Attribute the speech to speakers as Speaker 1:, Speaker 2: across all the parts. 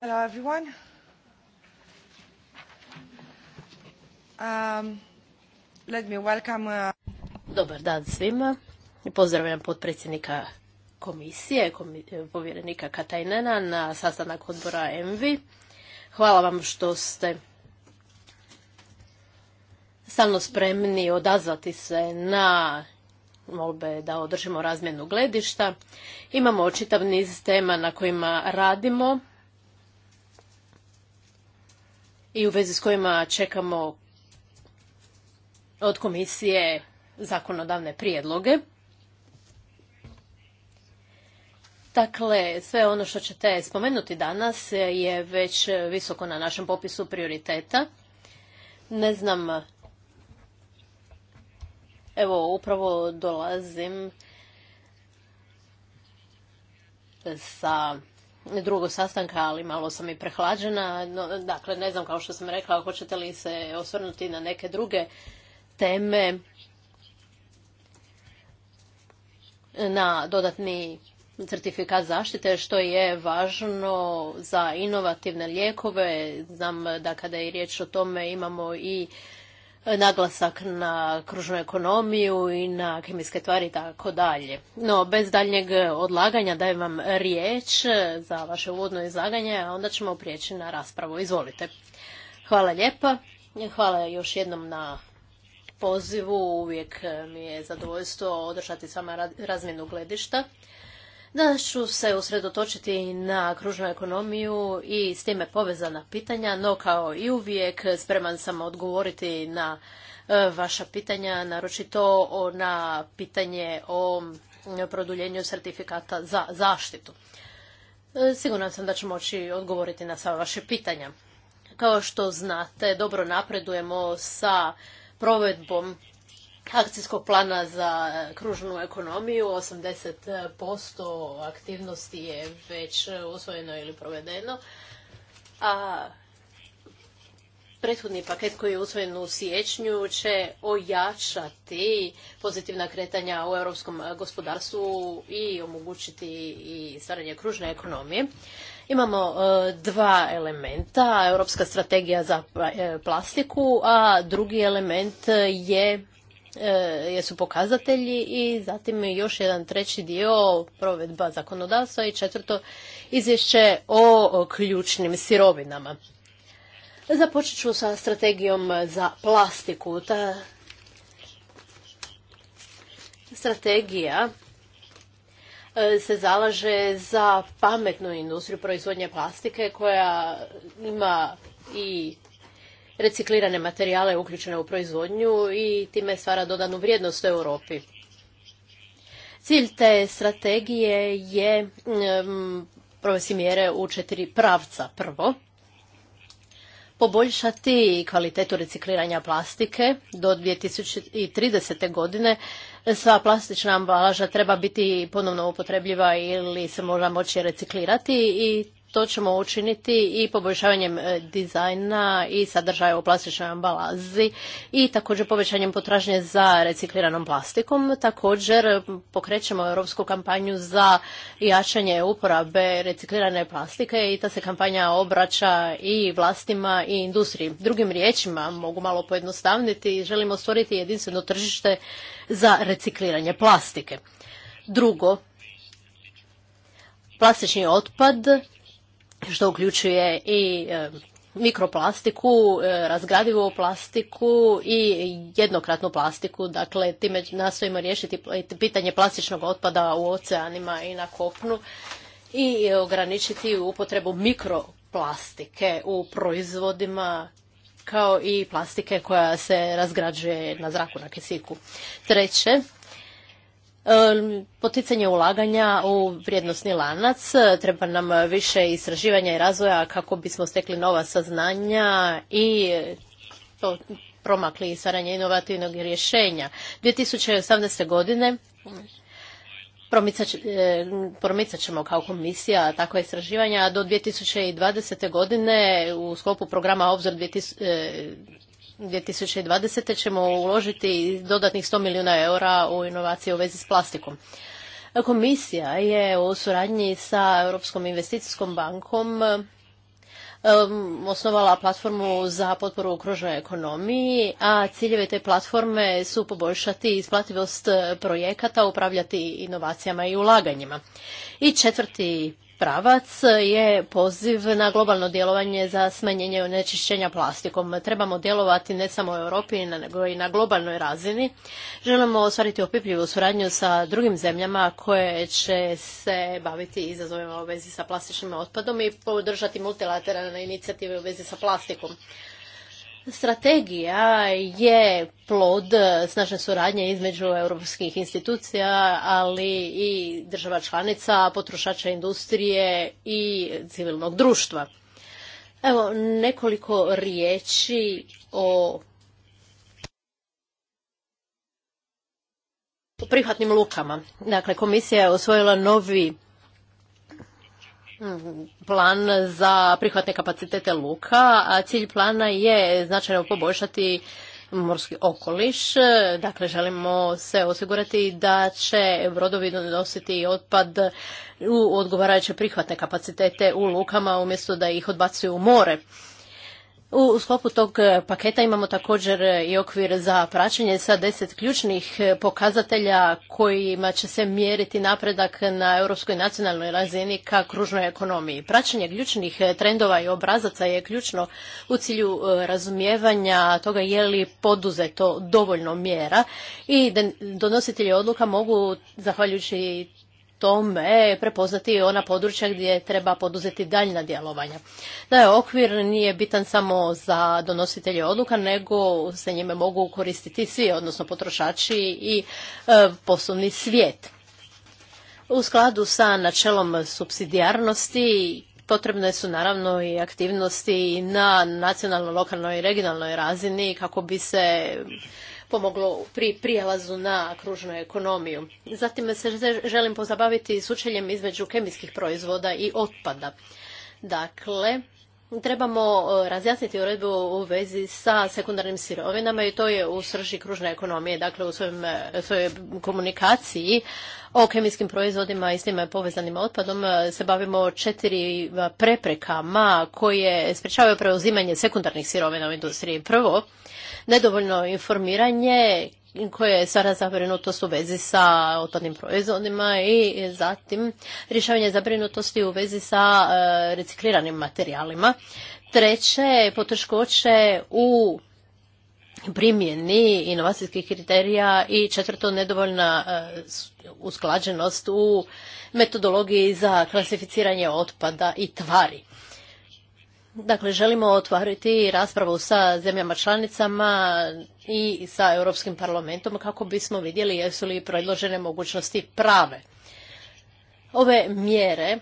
Speaker 1: Hello everyone. Um, let me welcome, uh, Dobar dan svima. Pozdravljam potpredsjednika komisije, eh, povjerenika Katajnena na sastanak odbora ENVI. Hvala vam što ste stalno spremni odazvati se na molbe da održimo razmjenu gledišta. Imamo čitav niz tema na kojima radimo i u vezi s kojima čekamo od komisije zakonodavne prijedloge. Dakle, sve ono što ćete spomenuti danas je već visoko na našem popisu prioriteta. Ne znam, evo upravo dolazim sa drugog sastanka, ali malo sam i prehlađena. dakle, ne znam kao što sam rekla, hoćete li se osvrnuti na neke druge teme, na dodatni certifikat zaštite, što je važno za inovativne lijekove. Znam da kada je riječ o tome imamo i naglasak na kružnu ekonomiju i na kemijske tvari i tako dalje. No, bez daljnjeg odlaganja dajem vam riječ za vaše uvodno izlaganje, a onda ćemo prijeći na raspravu. Izvolite. Hvala lijepa. Hvala još jednom na pozivu. Uvijek mi je zadovoljstvo održati s vama razmjenu gledišta da ću se usredotočiti na kružnu ekonomiju i s time povezana pitanja, no kao i uvijek spreman sam odgovoriti na e, vaša pitanja, naročito na pitanje o produljenju certifikata za zaštitu. E, siguran sam da ću moći odgovoriti na sva vaše pitanja. Kao što znate, dobro napredujemo sa provedbom akcijskog plana za e, kružnu ekonomiju. 80% aktivnosti je već usvojeno ili provedeno. A prethodni paket koji je usvojen u siječnju će ojačati pozitivna kretanja u europskom gospodarstvu i omogućiti i stvaranje kružne ekonomije. Imamo e, dva elementa, europska strategija za e, plastiku, a drugi element je E, jesu pokazatelji i zatim još jedan treći dio provedba zakonodavstva i četvrto izvješće o ključnim sirovinama. Započet ću sa strategijom za plastiku. Ta strategija e, se zalaže za pametnu industriju proizvodnje plastike koja ima i reciklirane materijale uključene u proizvodnju i time stvara dodanu vrijednost u Europi. Cilj te strategije je provesti mjere u četiri pravca. Prvo, poboljšati kvalitetu recikliranja plastike do 2030. godine. Sva plastična ambalaža treba biti ponovno upotrebljiva ili se mora moći reciklirati i to ćemo učiniti i poboljšavanjem e, dizajna i sadržaja u plastičnoj ambalazi i također povećanjem potražnje za recikliranom plastikom. Također e, pokrećemo europsku kampanju za jačanje uporabe reciklirane plastike i ta se kampanja obraća i vlastima i industriji. Drugim riječima, mogu malo pojednostavniti, želimo stvoriti jedinstveno tržište za recikliranje plastike. Drugo, plastični otpad što uključuje i e, mikroplastiku, e, razgradivu plastiku i jednokratnu plastiku. Dakle, time nastojimo riješiti pitanje plastičnog otpada u oceanima i na kopnu i e, ograničiti upotrebu mikroplastike u proizvodima kao i plastike koja se razgrađuje na zraku na kisiku. Treće, poticanje ulaganja u vrijednosni lanac. E, treba nam više istraživanja i razvoja kako bismo stekli nova saznanja i to promakli i stvaranje inovativnog rješenja. 2018. godine e, promicat, ćemo kao komisija takva istraživanja a do 2020. godine u sklopu programa Obzor 2020 2020. ćemo uložiti dodatnih 100 milijuna eura u inovacije u vezi s plastikom. Komisija je u suradnji sa Europskom investicijskom bankom osnovala platformu za potporu okružnoj ekonomiji, a ciljeve te platforme su poboljšati isplativost projekata, upravljati inovacijama i ulaganjima. I četvrti pravac je poziv na globalno djelovanje za smanjenje onečišćenja plastikom. Trebamo djelovati ne samo u Europi, nego i na globalnoj razini. Želimo ostvariti opipljivu suradnju sa drugim zemljama koje će se baviti izazovima u vezi sa plastičnim otpadom i podržati multilateralne inicijative u vezi sa plastikom. Strategija je plod snažne suradnje između europskih institucija, ali i država članica, potrošača industrije i civilnog društva. Evo nekoliko riječi o prihvatnim lukama. Dakle, komisija je osvojila novi plan za prihvatne kapacitete luka, a cilj plana je značajno poboljšati morski okoliš. Dakle, želimo se osigurati da će brodovi donositi otpad u odgovarajuće prihvatne kapacitete u lukama umjesto da ih odbacuju u more. U sklopu tog e, paketa imamo također e, i okvir za praćenje sa deset ključnih e, pokazatelja kojima će se mjeriti napredak na europskoj nacionalnoj razini ka kružnoj ekonomiji. Praćenje ključnih trendova i obrazaca je ključno u cilju razumijevanja toga je li poduzeto dovoljno mjera i donositelji odluka mogu, zahvaljujući tome prepoznati ona područja gdje treba poduzeti daljna djelovanja. Da, je okvir nije bitan samo za donositelje odluka, nego se njime mogu koristiti svi, odnosno potrošači i e, poslovni svijet. U skladu sa načelom subsidijarnosti potrebne su naravno i aktivnosti na nacionalnoj, lokalnoj i regionalnoj razini kako bi se pomoglo pri prijelazu na kružnu ekonomiju. Zatim se želim pozabaviti sučeljem između kemijskih proizvoda i otpada. Dakle, trebamo e, razjasniti uredbu u vezi sa sekundarnim sirovinama i to je u srži kružne ekonomije, dakle u e, svojoj komunikaciji o kemijskim proizvodima i s njima povezanim otpadom e, se bavimo četiri preprekama koje sprečavaju preuzimanje sekundarnih sirovina u industriji. Prvo, nedovoljno informiranje koje je sada zabrinutost u vezi sa otpadnim proizvodima i zatim rješavanje zabrinutosti u vezi sa e, recikliranim materijalima. Treće, poteškoće u primjeni inovacijskih kriterija i četvrto, nedovoljna e, usklađenost u metodologiji za klasificiranje otpada i tvari. Dakle, želimo otvoriti raspravu sa zemljama članicama i sa Europskim parlamentom kako bismo vidjeli jesu li predložene mogućnosti prave. Ove mjere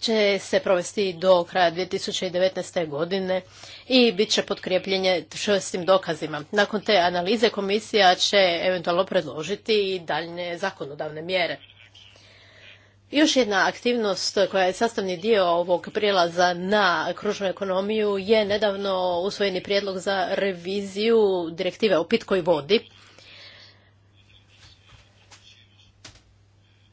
Speaker 1: će se provesti do kraja 2019. godine i bit će podkrijepljenje šestim dokazima. Nakon te analize komisija će eventualno predložiti i daljne zakonodavne mjere. Još jedna aktivnost koja je sastavni dio ovog prijelaza na kružnu ekonomiju je nedavno usvojeni prijedlog za reviziju direktive o pitkoj vodi.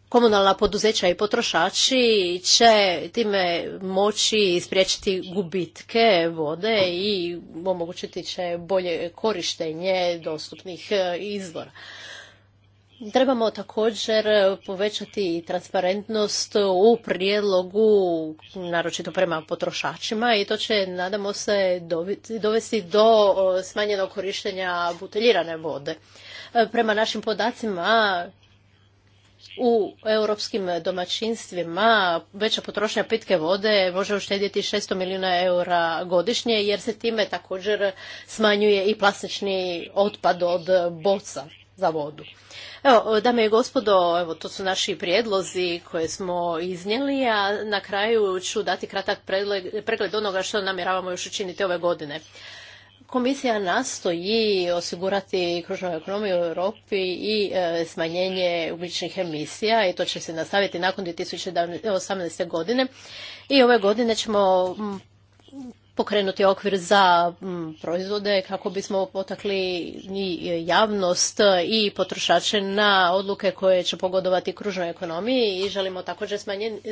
Speaker 1: Komunalna poduzeća i potrošači će time moći spriječiti gubitke vode i omogućiti će bolje korištenje dostupnih e, izvora. Trebamo također e, povećati transparentnost u prijedlogu, naročito prema potrošačima i to će, nadamo se, dovesti do smanjenog korištenja buteljirane vode. E, prema našim podacima, u europskim domaćinstvima veća potrošnja pitke vode može uštedjeti 600 milijuna eura godišnje jer se time također smanjuje i plastični otpad od boca za vodu. Evo, dame i gospodo, evo, to su naši prijedlozi koje smo iznijeli, a na kraju ću dati kratak pregled, onoga što namjeravamo još učiniti ove godine. Komisija nastoji osigurati kružnu ekonomiju u Europi i e, smanjenje ugljičnih emisija i to će se nastaviti nakon 2018. godine. I ove godine ćemo pokrenuti okvir za mm, proizvode kako bismo potakli i javnost i potrošače na odluke koje će pogodovati kružnoj ekonomiji i želimo također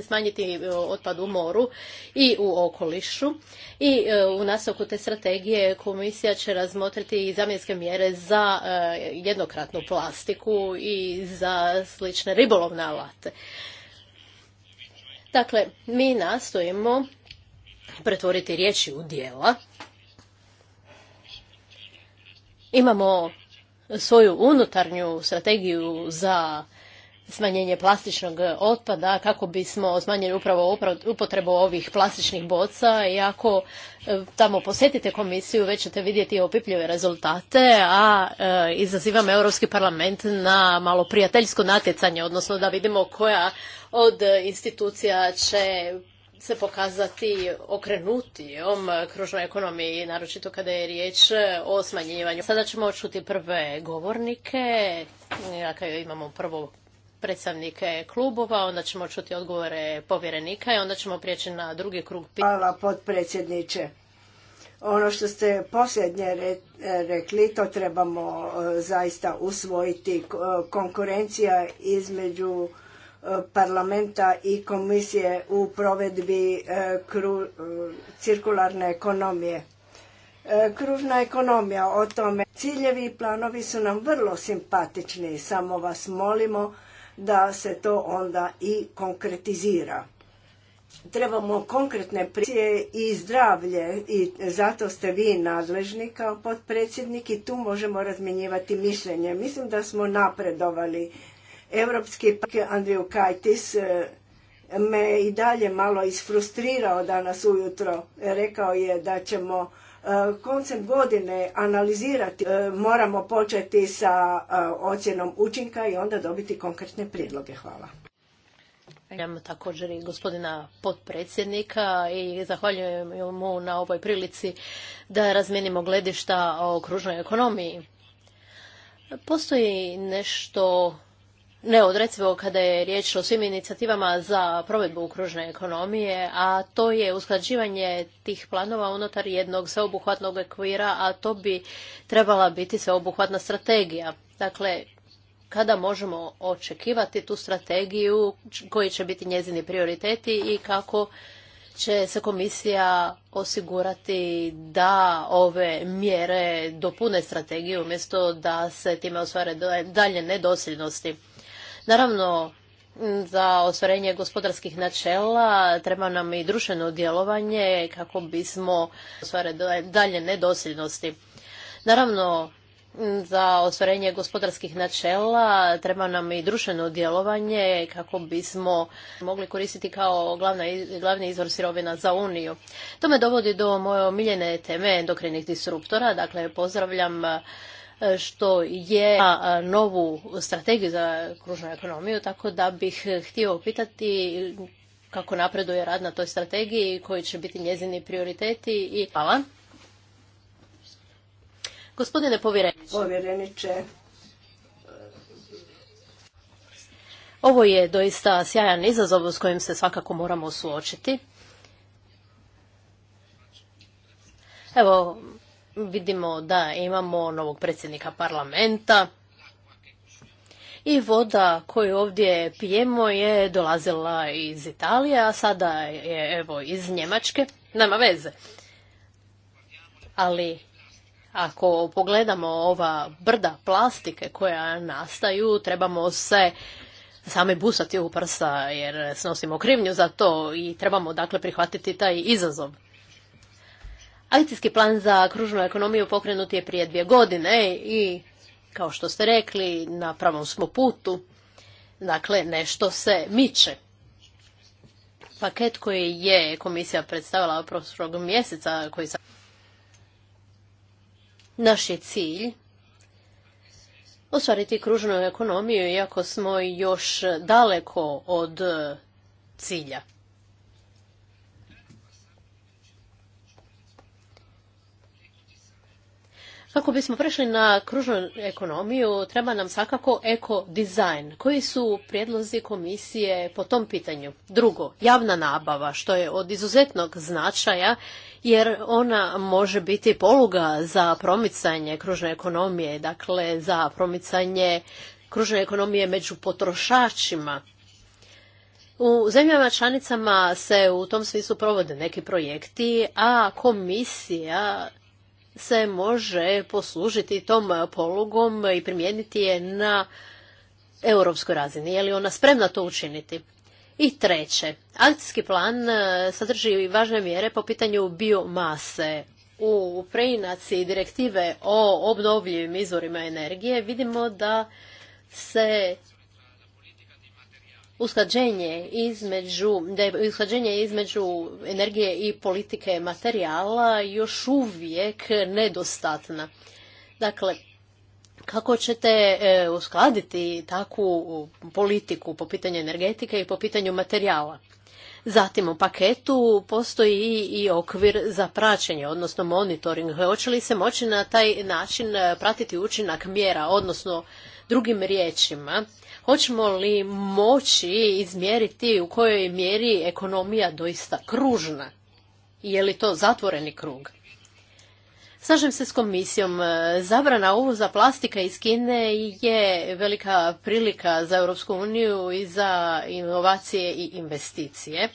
Speaker 1: smanjiti e, otpad u moru i u okolišu. I e, u nastavku te strategije komisija će razmotriti i zamjenske mjere za e, jednokratnu plastiku i za slične ribolovne alate. Dakle, mi nastojimo pretvoriti riječi u dijela. Imamo svoju unutarnju strategiju za smanjenje plastičnog otpada kako bismo smanjili upravo upotrebu ovih plastičnih boca i ako e, tamo posjetite komisiju već ćete vidjeti opipljive rezultate, a e, izazivam Europski parlament na malo prijateljsko natjecanje, odnosno da vidimo koja od institucija će se pokazati okrenutijom kružnoj ekonomiji, naročito kada je riječ o smanjivanju. Sada ćemo čuti prve govornike, dakle imamo prvo predstavnike klubova, onda ćemo čuti odgovore povjerenika i onda ćemo prijeći na drugi krug pitanja. Hvala potpredsjedniče.
Speaker 2: Ono što ste posljednje rekli, to trebamo e, zaista usvojiti. Konkurencija između parlamenta i komisije u provedbi e, e, cirkularne ekonomije. E, kružna ekonomija o tome. Ciljevi i planovi su nam vrlo simpatični, samo vas molimo da se to onda i konkretizira. Trebamo konkretne prije i zdravlje i zato ste vi nadležni kao potpredsjednik i tu možemo razmjenjivati mišljenje. Mislim da smo napredovali Evropski pak Andriju Kajtis e, me i dalje malo isfrustrirao danas ujutro. Rekao je da ćemo e, koncem godine analizirati, e, moramo početi sa ocjenom učinka i onda dobiti konkretne prijedloge.
Speaker 1: Hvala. Zahvaljujem također i gospodina potpredsjednika i zahvaljujem mu na ovoj prilici da razmijenimo gledišta o kružnoj ekonomiji. Postoji nešto neodrecivo kada je riječ o svim inicijativama za provedbu kružne ekonomije, a to je usklađivanje tih planova unutar jednog sveobuhvatnog ekvira, a to bi trebala biti sveobuhvatna strategija. Dakle, kada možemo očekivati tu strategiju, koji će biti njezini prioriteti i kako će se komisija osigurati da ove mjere dopune strategiju umjesto da se time ostvare dalje nedosljednosti. Naravno, za ostvarenje gospodarskih načela treba nam i društveno djelovanje kako bismo ostvarili dalje nedosljednosti. Naravno, za ostvarenje gospodarskih načela treba nam i društveno djelovanje kako bismo mogli koristiti kao glavna, glavni izvor sirovina za Uniju. To me dovodi do moje omiljene teme endokrinih disruptora. Dakle, pozdravljam što je novu strategiju za kružnu ekonomiju, tako da bih htio pitati kako napreduje rad na toj strategiji, koji će biti njezini prioriteti i hvala. Gospodine Povjereniče. Ovo je doista sjajan izazov s kojim se svakako moramo suočiti. Evo, Vidimo da imamo novog predsjednika parlamenta i voda koju ovdje pijemo je dolazila iz Italije, a sada je evo iz Njemačke. Nema veze. Ali ako pogledamo ova brda plastike koja nastaju, trebamo se sami busati u prsa jer snosimo krivnju za to i trebamo dakle prihvatiti taj izazov. Akcijski plan za kružnu ekonomiju pokrenut je prije dvije godine i kao što ste rekli, na pravom smo putu. Dakle, nešto se miče. Paket koji je komisija predstavila prošlog mjeseca, koji sam... Naš je cilj ostvariti kružnu ekonomiju, iako smo još daleko od cilja. Ako bismo prešli na kružnu ekonomiju, treba nam svakako eko Koji su prijedlozi komisije po tom pitanju? Drugo, javna nabava, što je od izuzetnog značaja, jer ona može biti poluga za promicanje kružne ekonomije, dakle za promicanje kružne ekonomije među potrošačima. U zemljama članicama se u tom smislu provode neki projekti, a komisija se može poslužiti tom polugom i primijeniti je na europskoj razini. Je li ona spremna to učiniti? I treće, akcijski plan e, sadrži i važne mjere po pitanju biomase. U preinaci direktive o obnovljivim izvorima energije vidimo da se usklađenje između, da je usklađenje između energije i politike materijala još uvijek nedostatna. Dakle, kako ćete e, uskladiti takvu politiku po pitanju energetike i po pitanju materijala? Zatim u paketu postoji i okvir za praćenje, odnosno monitoring. Hoće li se moći na taj način e, pratiti učinak mjera, odnosno Drugim riječima, hoćemo li moći izmjeriti u kojoj mjeri ekonomija doista kružna? Je li to zatvoreni krug? Slažem se s komisijom. Zabrana uvoza plastika iz Kine je velika prilika za Europsku uniju i za inovacije i investicije.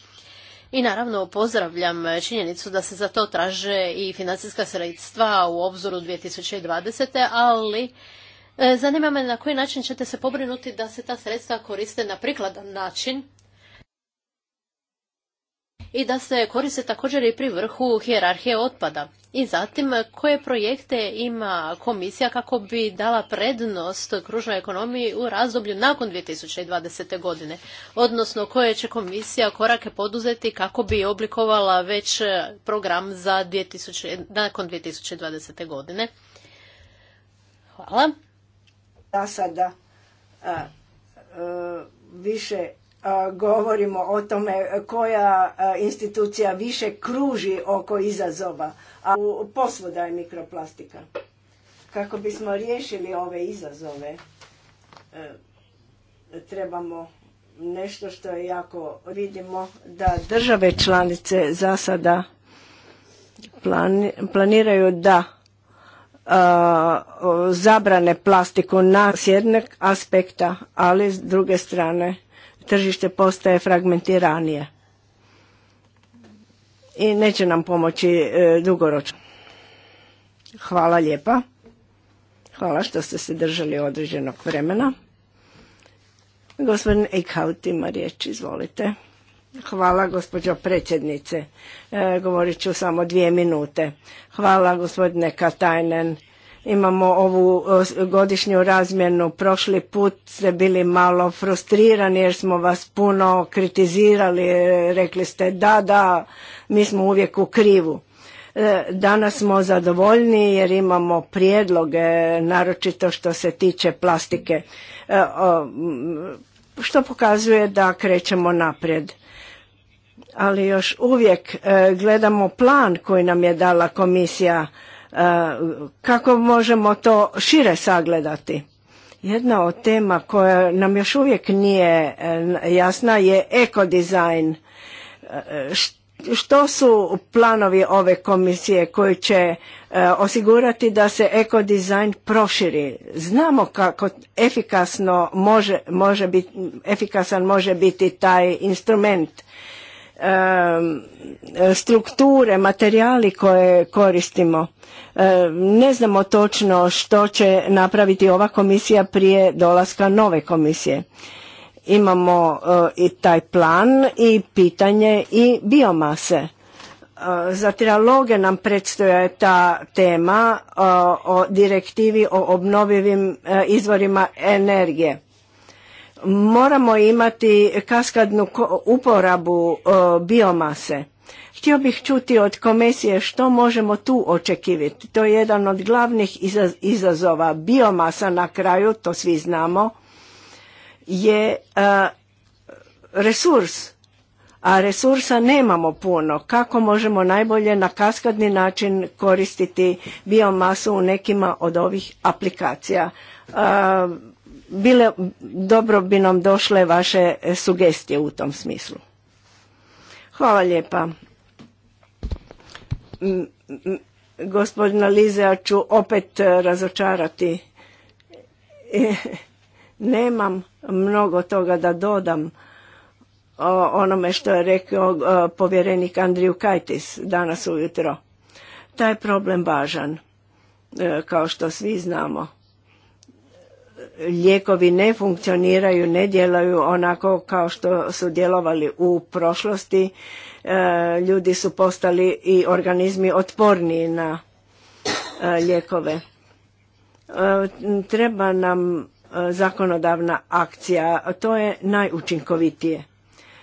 Speaker 1: I naravno pozdravljam činjenicu da se za to traže i financijska sredstva u obzoru 2020. ali E, zanima me na koji način ćete se pobrinuti da se ta sredstva koriste na prikladan način i da se koriste također i pri vrhu hijerarhije otpada. I zatim, koje projekte ima komisija kako bi dala prednost kružnoj ekonomiji u razdoblju nakon 2020. godine? Odnosno, koje će komisija korake poduzeti kako bi oblikovala već program za 2000, nakon 2020. godine? Hvala zasada
Speaker 2: više govorimo o tome koja institucija više kruži oko izazova, a da je mikroplastika. Kako bismo riješili ove izazove, e, trebamo nešto što je jako vidimo da države članice za sada planiraju da Eh, zabrane plastiku na s jednog aspekta, ali s druge strane tržište postaje fragmentiranije i neće nam pomoći eh, dugoročno. Hvala lijepa. Hvala što ste se držali određenog vremena. Gospodin Eichhout ima riječ, izvolite. Hvala gospođo predsjednice. E, govorit ću samo dvije minute. Hvala gospodine Katajnen. Imamo ovu e, godišnju razmjenu. Prošli put ste bili malo frustrirani jer smo vas puno kritizirali. E, rekli ste da, da, mi smo uvijek u krivu. danas smo zadovoljni jer imamo prijedloge, naročito što se tiče plastike, što pokazuje da krećemo naprijed ali još uvijek e, gledamo plan koji nam je dala komisija e, kako možemo to šire sagledati. Jedna od tema koja nam još uvijek nije e, jasna je ekodizajn. Što su planovi ove komisije koji će osigurati da se ekodizajn proširi? Znamo kako efikasno može, može biti, efikasan može biti taj instrument strukture, materijali koje koristimo. Ne znamo točno što će napraviti ova komisija prije dolaska nove komisije. Imamo eh, i taj plan i pitanje i biomase. Eh, za trialoge nam predstoja ta tema eh, o direktivi o obnovivim izvorima energije Moramo imati kaskadnu uporabu e, biomase. Htio bih čuti od komisije što možemo tu očekivati. To je jedan od glavnih izazova. Biomasa na kraju, to svi znamo, je e, resurs, a resursa nemamo puno. Kako možemo najbolje na kaskadni način koristiti biomasu u nekima od ovih aplikacija? E, bile, dobro bi nam došle vaše sugestije u tom smislu. Hvala lijepa. Gospodina ja ću opet razočarati. E, nemam mnogo toga da dodam onome što je rekao e, povjerenik Andriju Kajtis danas ujutro. Taj problem važan, e, kao što svi znamo lijekovi ne funkcioniraju, ne djelaju onako kao što su djelovali u prošlosti. E, ljudi su postali i organizmi otporniji na e, lijekove. E, treba nam zakonodavna akcija, to je najučinkovitije.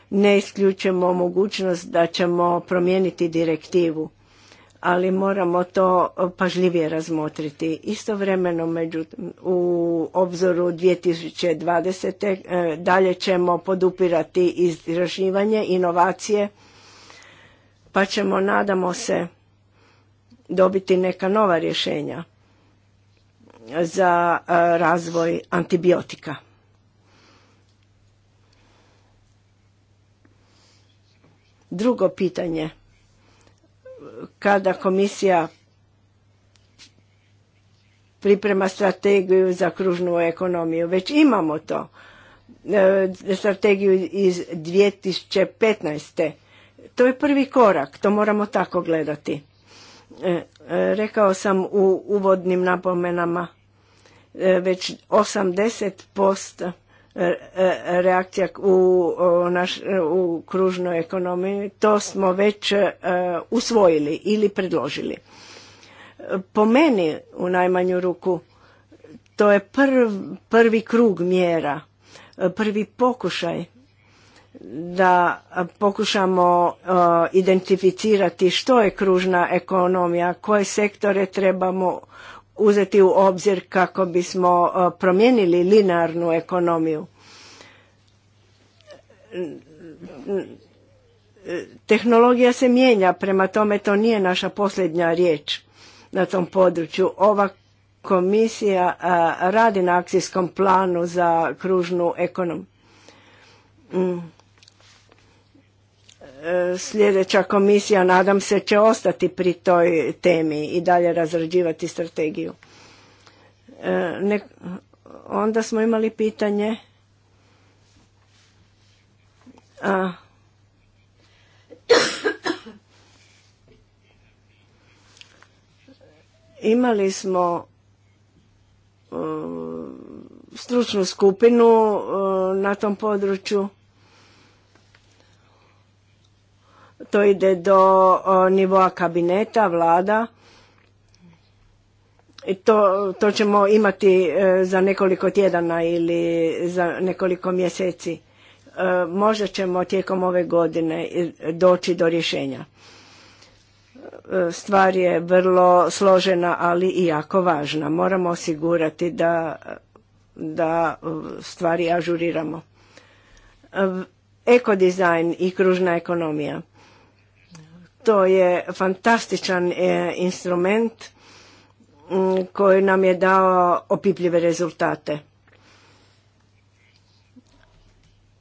Speaker 2: Ne isključujemo mogućnost da ćemo promijeniti direktivu ali moramo to pažljivije razmotriti. Istovremeno među, u obzoru 2020. Eh, dalje ćemo podupirati izraživanje, inovacije, pa ćemo, nadamo se, dobiti neka nova rješenja za eh, razvoj antibiotika. Drugo pitanje – kada komisija priprema strategiju za kružnu ekonomiju. Već imamo to. E, strategiju iz 2015. To je prvi korak, to moramo tako gledati. E, e, rekao sam u uvodnim napomenama već 80% E, e, reakcija u, naš, e, u kružnoj ekonomiji, to smo već usvojili ili predložili. Po meni, u najmanju ruku, to je prvi krug mjera, prvi pokušaj da pokušamo identificirati što je kružna ekonomija, koje sektore trebamo uzeti u obzir kako bismo e, promijenili linarnu ekonomiju. Tehnologija se mijenja, prema tome to nije naša posljednja riječ na tom području. Ova komisija e, radi na akcijskom planu za kružnu ekonomiju. Mm sljedeća komisija nadam se će ostati pri toj temi i dalje razrađivati strategiju. E, onda smo imali pitanje imali smo e, stručnu skupinu e, na tom području to ide do nivoa kabineta, vlada. to, ćemo imati e, za nekoliko tjedana ili za nekoliko mjeseci. E, možda ćemo tijekom ove godine e, doći do rješenja. Stvar je vrlo složena, ali i jako važna. Moramo osigurati da, da stvari ažuriramo. Ekodizajn i kružna ekonomija – to je fantastičan e, instrument mm, koji nam je dao opipljive rezultate.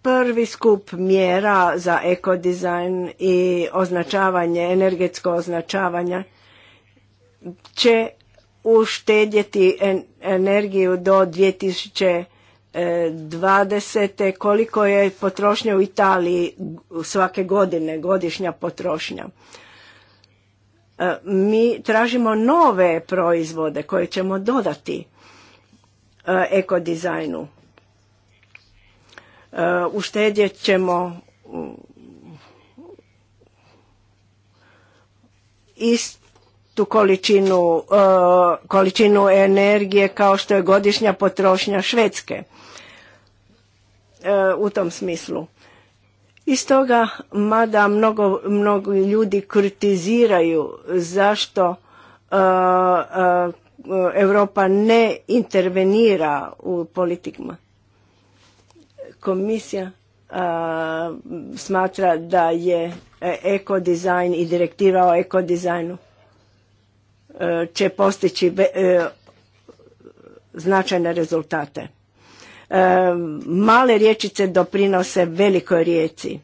Speaker 2: Prvi skup mjera za ekodizajn i označavanje, energetsko označavanje će uštedjeti energiju do 2000 20. koliko je potrošnja u Italiji svake godine, godišnja potrošnja. E, mi tražimo nove proizvode koje ćemo dodati e, ekodizajnu. E, uštedjet ćemo ist tu količinu, e, količinu energije kao što je godišnja potrošnja Švedske e, u tom smislu. I stoga, mada mnogo, mnogo ljudi kritiziraju zašto e, Europa ne intervenira u politikama. Komisija smatra da je ekodizajn i direktiva o ekodizajnu E, će postići e, značajne rezultate. E, male riječice doprinose velikoj rijeci.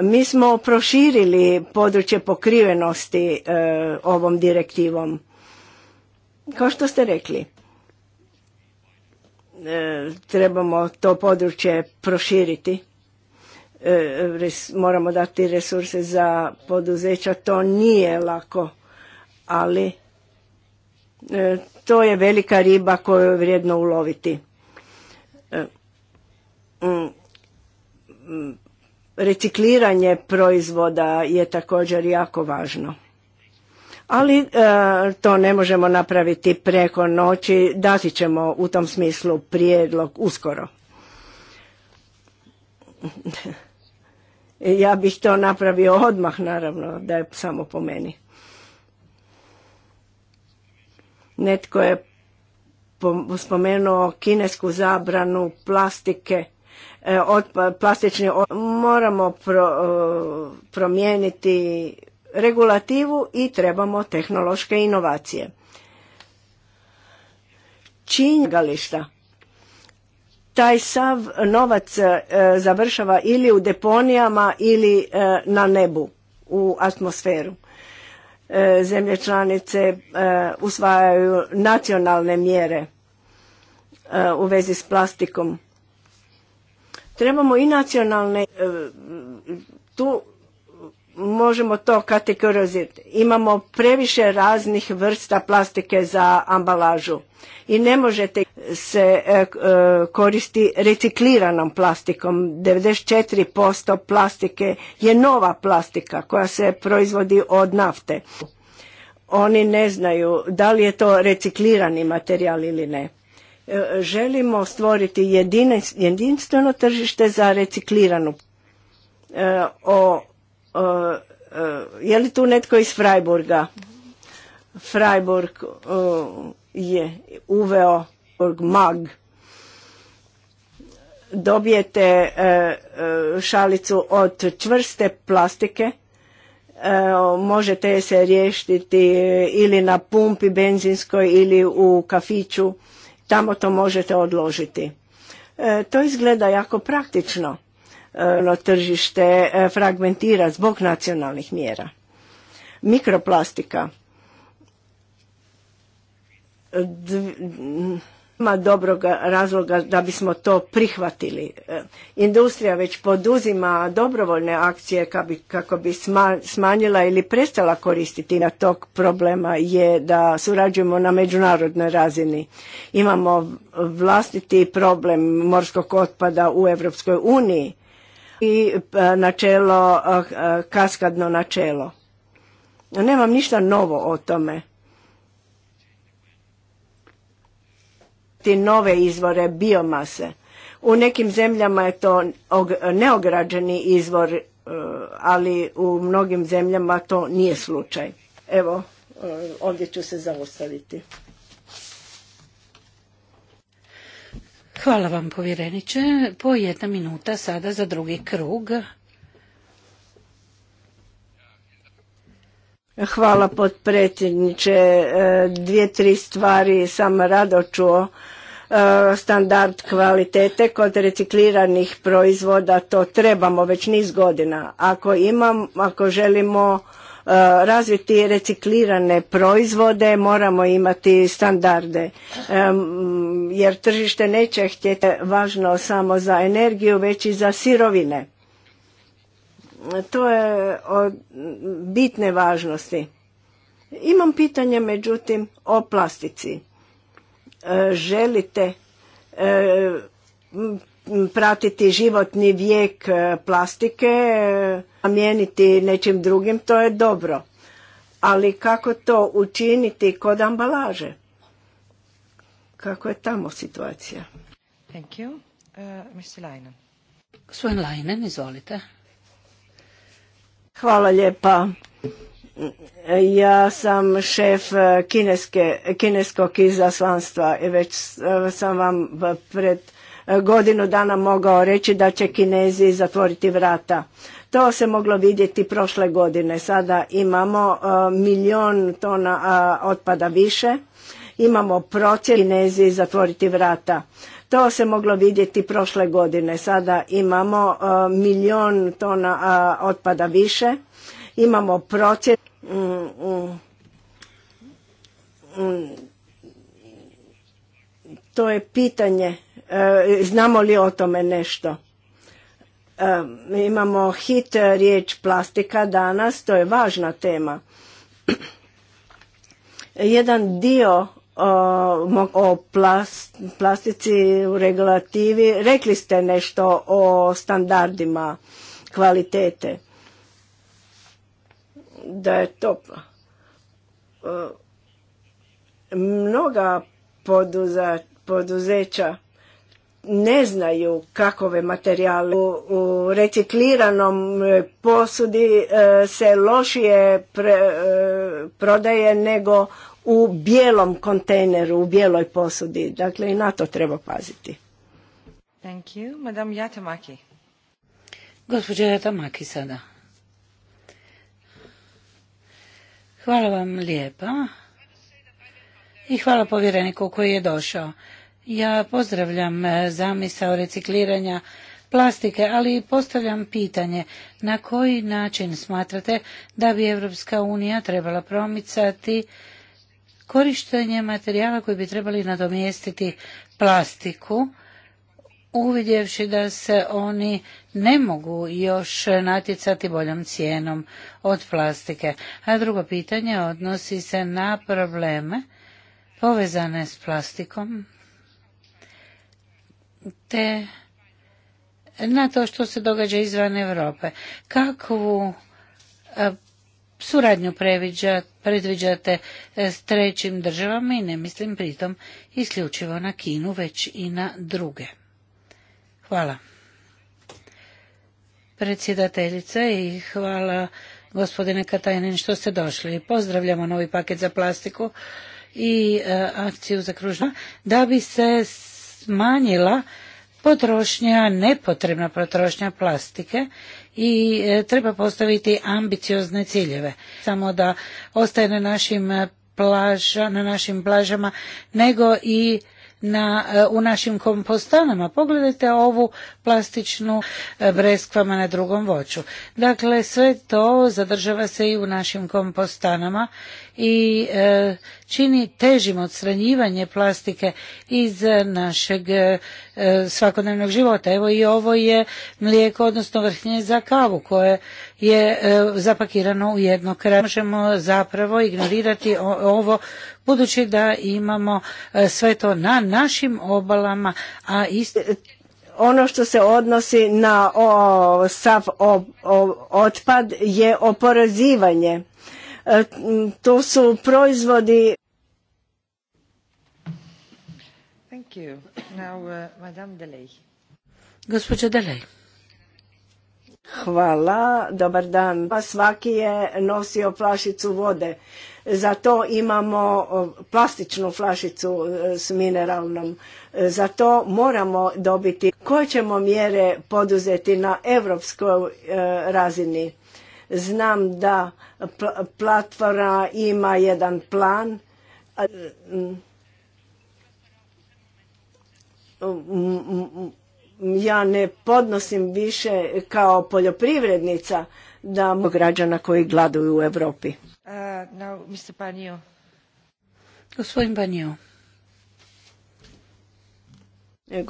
Speaker 2: Mi smo proširili područje pokrivenosti ovom direktivom. Kao što ste rekli, trebamo to područje proširiti E, moramo dati resurse za poduzeća, to nije lako, ali e, to je velika riba koju je vrijedno uloviti. E, mm, mm, recikliranje proizvoda je također jako važno. Ali to ne možemo napraviti preko noći, dati ćemo u tom smislu prijedlog uskoro. E, ja bih to napravio odmah, naravno, da je samo po meni. Netko je spomenuo kinesku zabranu plastike, e, Moramo e, promijeniti regulativu i trebamo tehnološke inovacije. Činjegališta taj sav novac e, završava ili u deponijama ili e, na nebu u atmosferu e, zemlje članice usvajaju nacionalne mjere u vezi s plastikom trebamo i nacionalne tu možemo to kategorizirati. Imamo previše raznih vrsta plastike za ambalažu i ne možete se e, e, koristi recikliranom plastikom. 94% plastike je nova plastika koja se proizvodi od nafte. Oni ne znaju da li je to reciklirani materijal ili ne. E, želimo stvoriti jedinstveno tržište za recikliranu o Uh, uh, je li tu netko iz Freiburga? Freiburg uh, je uveo mag. Dobijete šalicu od čvrste plastike, možete se riješiti ili na pumpi benzinskoj ili u kafiću, tamo to možete odložiti. To izgleda jako praktično tržište e, fragmentira zbog nacionalnih mjera. Mikroplastika ima dobroga razloga da bismo to prihvatili. E, industrija već poduzima dobrovoljne akcije kako bi smanjila ili prestala koristiti na tog problema je da surađujemo na međunarodnoj razini. Imamo vlastiti problem morskog otpada u Europskoj uniji i e, načelo, e, e, kaskadno načelo. Nemam ništa novo o tome. Ti nove izvore biomase. U nekim zemljama je to neograđeni izvor, ali u mnogim zemljama to nije slučaj. Evo, ovdje ću se zaustaviti.
Speaker 3: Hvala vam povjereniče. Po jedna minuta sada za drugi krug.
Speaker 2: Hvala potpredsjedniče. E, dvije, tri stvari sam rado čuo. E, standard kvalitete kod recikliranih proizvoda to trebamo već niz godina. Ako imam, ako želimo Eh, razviti reciklirane proizvode, moramo imati standarde jer tržište neće htjeti važno samo za energiju već i za sirovine. To je od bitne važnosti. Imam pitanje međutim o plastici. Eh, želite eh, pratiti životni vijek plastike zamijeniti nečim drugim, to je dobro. Ali kako to učiniti kod ambalaže? Kako je tamo situacija?
Speaker 3: Thank you. Uh, Mr. Leinen. Leinen, izvolite.
Speaker 2: Hvala lijepa. Ja sam šef uh, kineske, kineskog izaslanstva i već uh, sam vam pred E, godinu dana mogao reći da će Kinezi zatvoriti vrata. To se moglo vidjeti prošle godine. Sada imamo e, milijon tona e, otpada više. Imamo procjenu Kinezi zatvoriti vrata. To se moglo vidjeti prošle godine. Sada imamo milijon tona otpada više. Imamo procjenu mm, mm, mm, to je pitanje E, znamo li o tome nešto? E, imamo hit e, riječ plastika danas, to je važna tema. Jedan dio o, plast, plastici u regulativi, rekli ste nešto o standardima kvalitete. Da je to mnoga poduzeća ne znaju kakove materijale u recikliranom e, posudi e, se lošije e, prodaje nego u bijelom kontejneru, u bijeloj posudi.
Speaker 3: Dakle, i na to treba paziti. Thank you. Madame Yatamaki. Gospođa Yatamaki sada. Hvala vam lijepa i hvala povjereniku koji je došao. Ja pozdravljam e, zamisao recikliranja plastike, ali postavljam pitanje na koji način smatrate da bi Europska unija trebala promicati korištenje materijala koji bi trebali nadomjestiti plastiku, uvidjevši da se oni ne mogu još natjecati boljom cijenom od plastike. A drugo pitanje odnosi se na probleme povezane s plastikom te na to što se događa izvan Europe. Kakvu e, suradnju predviđate e, s trećim državama i ne mislim pritom isključivo na Kinu, već i na druge. Hvala. Predsjedateljice i hvala gospodine Katajnen što ste došli. Pozdravljamo novi paket za plastiku i e, akciju za kružno da bi se smanjila potrošnja, nepotrebna potrošnja plastike i e, treba postaviti ambiciozne ciljeve. Samo da ostaje na našim, e, plaža, na našim plažama, nego i na, e, u našim kompostanama. Pogledajte ovu plastičnu breskvama na drugom voću. Dakle, sve to zadržava se i u našim kompostanama i e, čini težim odstranjivanje plastike iz e, našeg e, svakodnevnog života. Evo i ovo je mlijeko, odnosno vrhnje za kavu koje je zapakirano u jedno kraj. Možemo zapravo ignorirati ovo budući da imamo sve to na našim obalama, a isto
Speaker 2: ono što se
Speaker 3: odnosi na
Speaker 2: sav otpad je oporezivanje E, to su proizvodi uh, Hvala, dobar dan. Pa svaki je nosio plašicu vode. Za to imamo plastičnu flašicu e, s mineralnom. E, za to moramo dobiti koje ćemo mjere poduzeti na evropskoj razini Znam da platforma ima jedan plan ja ne podnosim više kao poljoprivrednica da građana koji gladuju u Europi.
Speaker 3: Uh, no, Gospodin Banio. E,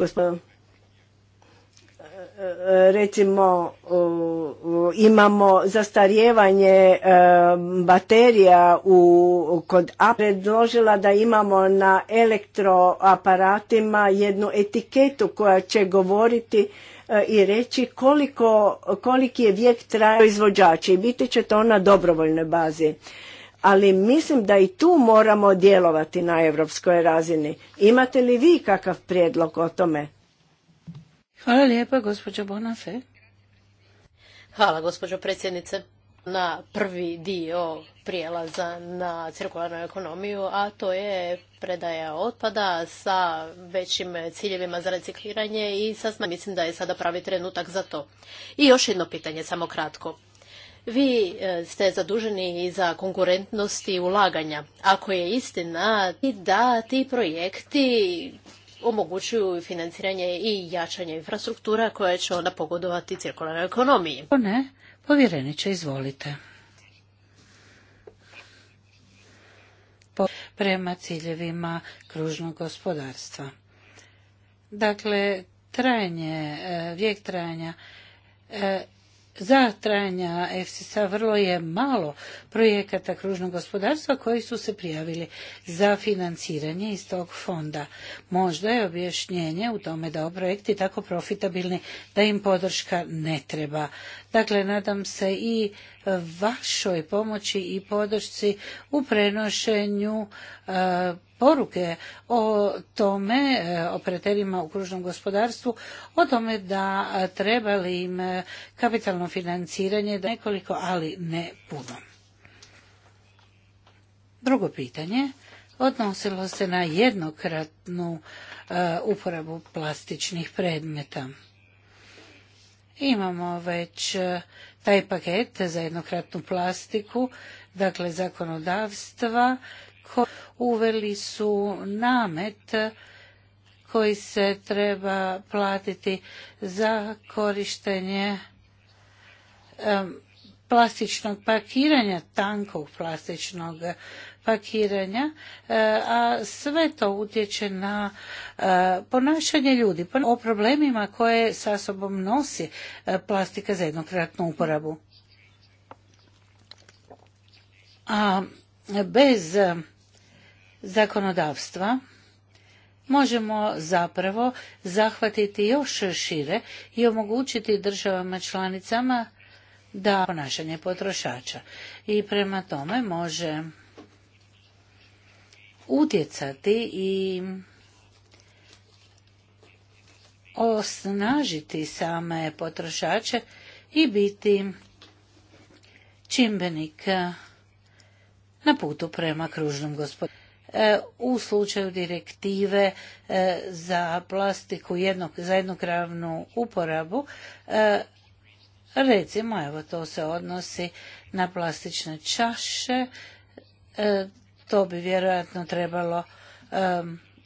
Speaker 2: recimo imamo zastarijevanje e, baterija u, kod A predložila da imamo na elektroaparatima jednu etiketu koja će govoriti e, i reći koliko, koliki je vijek traja proizvođače i biti će to na dobrovoljnoj bazi. Ali mislim da i tu moramo djelovati na europskoj razini. Imate li vi kakav prijedlog o tome?
Speaker 3: Hvala lijepa, gospođo Bonafe.
Speaker 1: Hvala, gospođo predsjednice na prvi dio prijelaza na cirkularnu ekonomiju, a to je predaja otpada sa većim ciljevima za recikliranje i sa, mislim da je sada pravi trenutak za to. I još jedno pitanje, samo kratko. Vi e, ste zaduženi i za konkurentnost i ulaganja. Ako je istina da ti projekti omogućuju financiranje i jačanje infrastruktura koje će onda pogodovati cirkularnoj ekonomiji.
Speaker 3: ne, povjereniče, izvolite. prema ciljevima kružnog gospodarstva. Dakle, trajanje, eh, vijek trajanja eh, za trajanja EFSIS-a vrlo je malo projekata kružnog gospodarstva koji su se prijavili za financiranje iz tog fonda. Možda je objašnjenje u tome da o projekti tako profitabilni da im podrška ne treba. Dakle, nadam se i vašoj pomoći i podršci u prenošenju e, poruke o tome, eh, operaterima u kružnom gospodarstvu, o tome da eh, treba li im eh, kapitalno financiranje, nekoliko, ali ne puno. Drugo pitanje odnosilo se na jednokratnu uporabu plastičnih predmeta. Imamo već taj paket za jednokratnu plastiku, dakle zakonodavstva uveli su namet koji se treba platiti za korištenje plastičnog pakiranja, tankog plastičnog pakiranja, e, a sve to utječe na e, ponašanje ljudi, o problemima koje sa sobom nosi e, plastika za jednokratnu uporabu. A bez zakonodavstva možemo zapravo zahvatiti još šire i omogućiti državama članicama da ponašanje potrošača i prema tome može utjecati i osnažiti same potrošače i biti čimbenik na putu prema kružnom gospodarstvu E, u slučaju direktive e, za plastiku jednog, za jednokravnu uporabu. E, recimo, evo to se odnosi na plastične čaše, to bi vjerojatno trebalo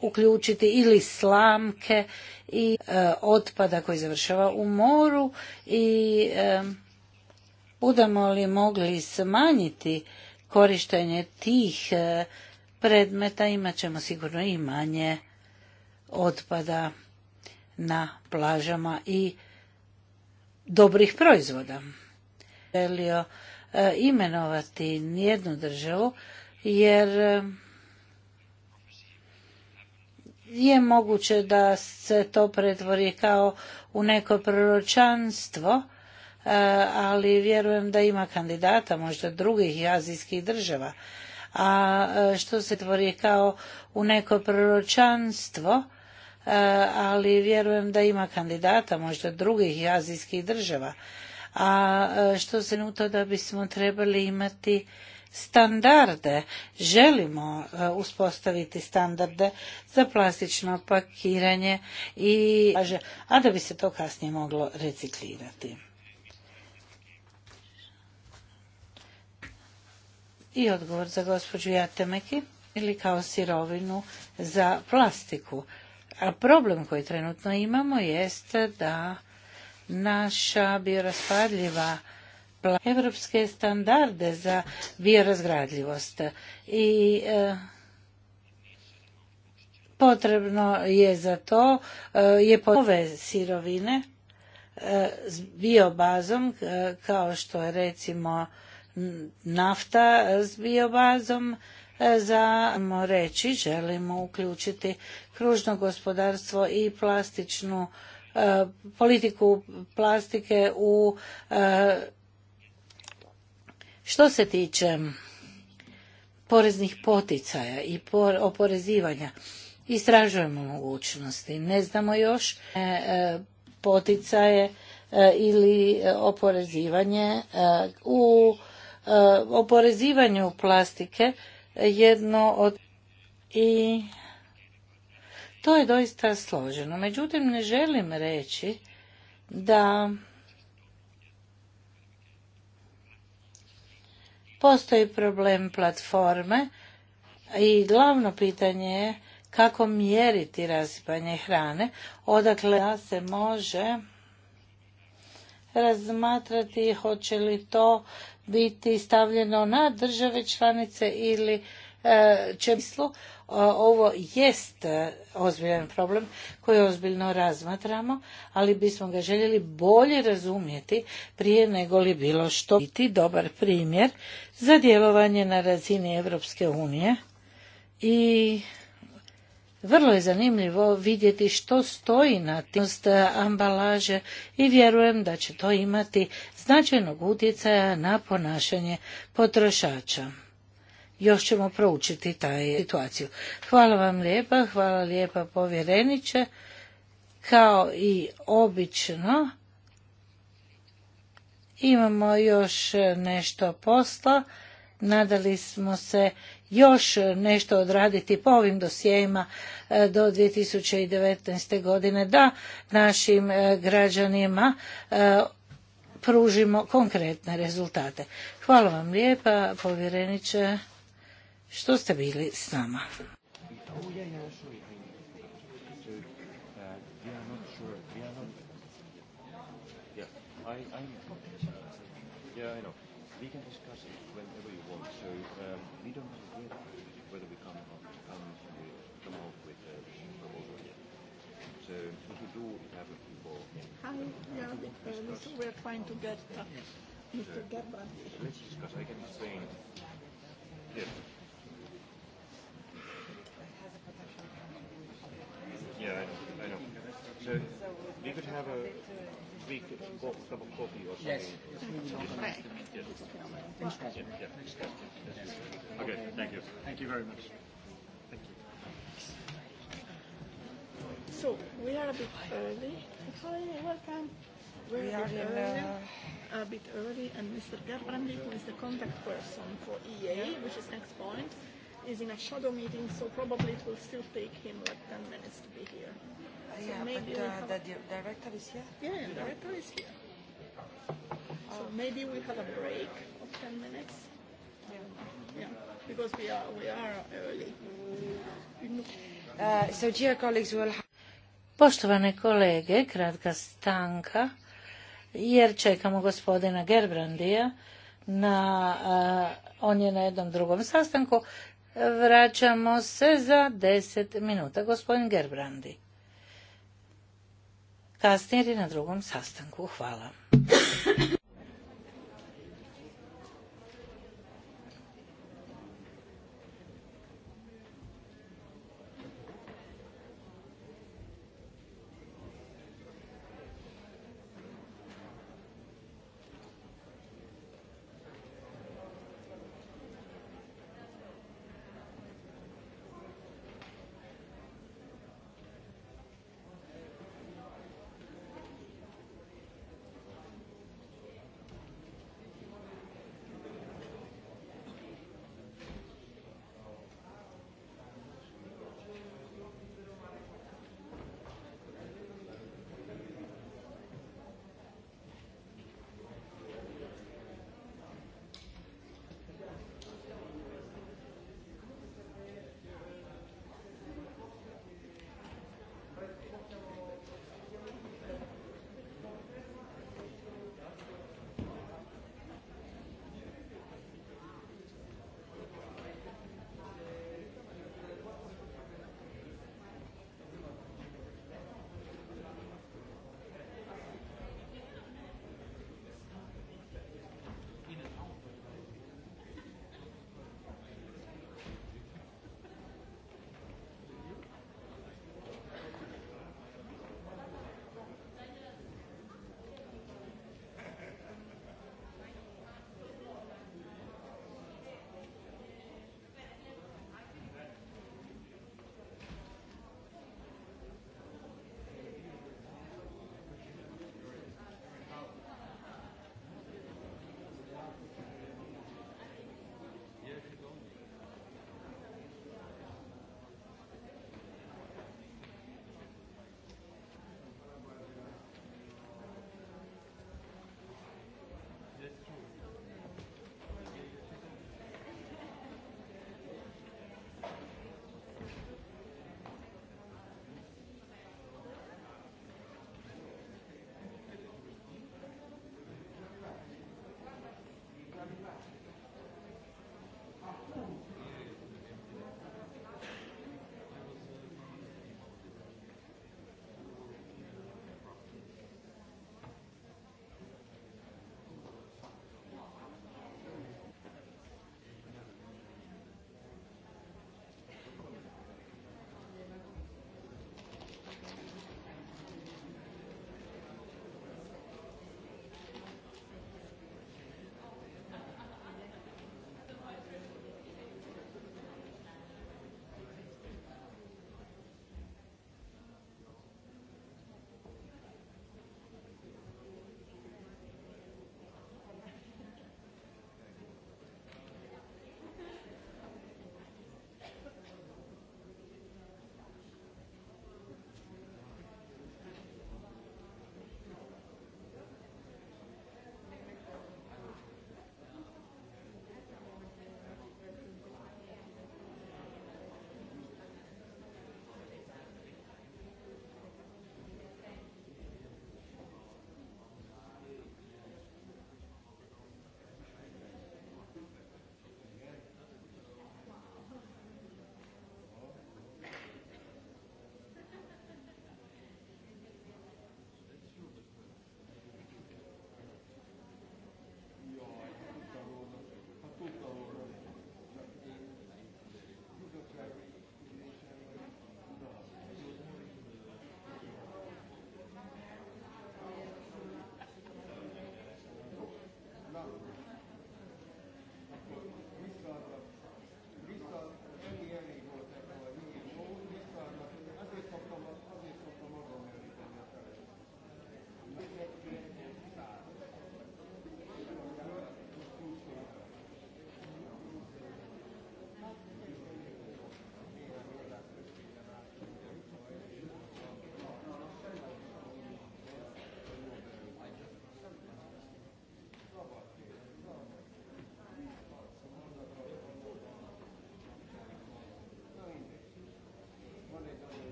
Speaker 3: uključiti ili slamke i otpada koji završava u moru i budemo li mogli smanjiti korištenje tih predmeta imat ćemo sigurno i manje otpada na plažama i dobrih proizvoda. Želio e, imenovati nijednu državu jer e, je moguće da se to pretvori kao u neko proročanstvo, e, ali vjerujem da ima kandidata možda drugih azijskih država a e, što se tvori kao u neko proročanstvo, e, ali vjerujem da ima kandidata možda drugih azijskih država. A e, što se to da bismo trebali imati standarde, želimo uspostaviti standarde za plastično pakiranje i a da bi se to kasnije moglo reciklirati. i odgovor za gospođu Jatemeki ili kao sirovinu za plastiku. A problem koji trenutno imamo jest da naša bioraspadljiva evropske standarde za biorazgradljivost i e, potrebno je za to e, je ove sirovine e, s biobazom kao što je recimo nafta s biobazom e, za reći želimo uključiti kružno gospodarstvo i plastičnu e, politiku plastike u e, što se tiče poreznih poticaja i oporezivanja istražujemo mogućnosti ne znamo još poticaje ili oporezivanje u E, oporezivanju plastike jedno od i to je doista složeno. Međutim, ne želim reći da postoji problem platforme i glavno pitanje je kako mjeriti rasipanje hrane, odakle se može razmatrati hoće li to biti stavljeno na države članice ili e, će e, Ovo jest e, ozbiljan problem koji ozbiljno razmatramo, ali bismo ga željeli bolje razumjeti prije nego li bilo što biti dobar primjer za djelovanje na razini Europske unije. I vrlo je zanimljivo vidjeti što stoji na timst ambalaže i vjerujem da će to imati značajnog utjecaja na ponašanje potrošača. Još ćemo proučiti taj situaciju. Hvala vam lijepa, hvala lijepa povjereniče. Kao i obično, imamo još nešto posla. Nadali smo se još nešto odraditi po ovim dosjejima e, do 2019. godine da našim e, građanima e, pružimo konkretne rezultate. Hvala vam lijepa, povjereniče, što ste bili s nama.
Speaker 2: we are trying to get uh, I can
Speaker 1: explain. Yeah, I know. I
Speaker 3: know. we could have a cup of coffee or something. Okay,
Speaker 1: thank you. Thank you very much. Thank you.
Speaker 2: So we are a bit early. welcome we are uh,
Speaker 1: a bit early, and Mr. Gerbrandi, who is the contact person for e EA, which is next point, is in a shadow meeting, so probably it will still take him like 10 minutes to be here. Ah, so yeah, maybe but uh, have... the
Speaker 2: director is here? Yeah, the director is here. So oh. maybe we have a break of 10 minutes. Yeah, yeah because we are, we are early.
Speaker 3: Uh, so dear colleagues, we'll have... Poštovane kolege, kratka stanka jer čekamo gospodina Gerbrandija na, eh, on je na jednom drugom sastanku. Vraćamo se za deset minuta. Gospodin Gerbrandi. Kasnije na drugom sastanku. Hvala.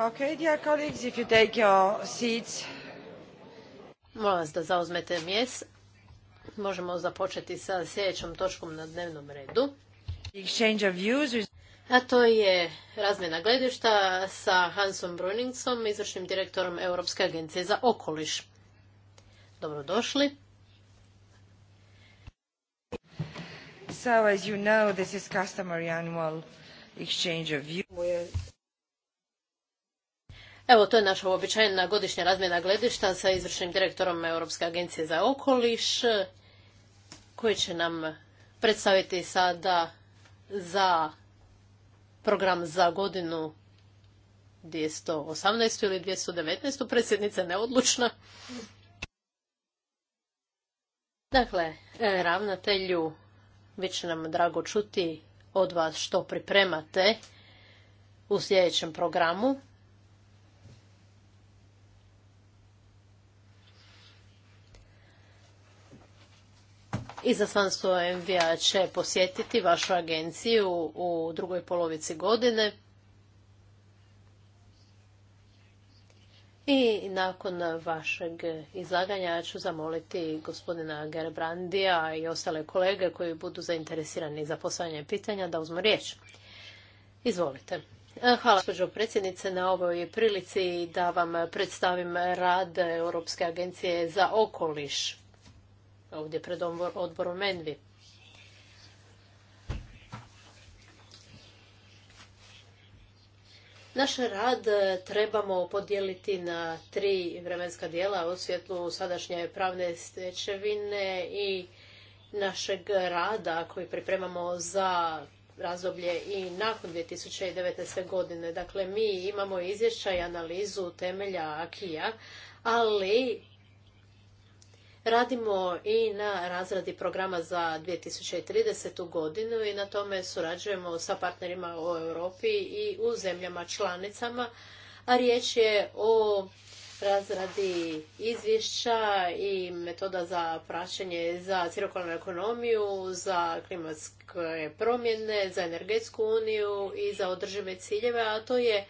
Speaker 1: Okay, dear Molim vas da zauzmete mjes. Možemo započeti sa sljedećom točkom na dnevnom redu.
Speaker 2: Exchange
Speaker 1: A to je razmjena gledišta sa Hansom Bruningsom, izvršnim direktorom Europske agencije za okoliš. Dobrodošli. So, as you know, this is customary annual
Speaker 2: exchange of views.
Speaker 1: Evo, to je naša uobičajena godišnja razmjena gledišta sa izvršnim direktorom Europske agencije za okoliš, koji će nam predstaviti sada za program za godinu 218. ili 219. predsjednica neodlučna. Dakle, e, ravnatelju, bit će nam drago čuti od vas što pripremate u sljedećem programu. Izaslanstvo MVA će posjetiti vašu agenciju u drugoj polovici godine. I nakon vašeg izlaganja ću zamoliti gospodina Gerbrandija i ostale kolege koji budu zainteresirani za postavljanje pitanja da uzmu riječ. Izvolite. Hvala, gospođo predsjednice, na ovoj prilici da vam predstavim rad Europske agencije za okoliš ovdje pred odborom Menvi. Naš rad e, trebamo podijeliti na tri vremenska dijela u svjetlu sadašnje pravne stečevine i našeg rada koji pripremamo za razdoblje i nakon 2019. godine. Dakle, mi imamo izvješća i analizu temelja Akija, ali Radimo i na razradi programa za 2030. godinu i na tome surađujemo sa partnerima u Europi i u zemljama članicama, a riječ je o razradi izvješća i metoda za praćenje za cirkularnu ekonomiju, za klimatske promjene, za energetsku uniju i za održive ciljeve, a to je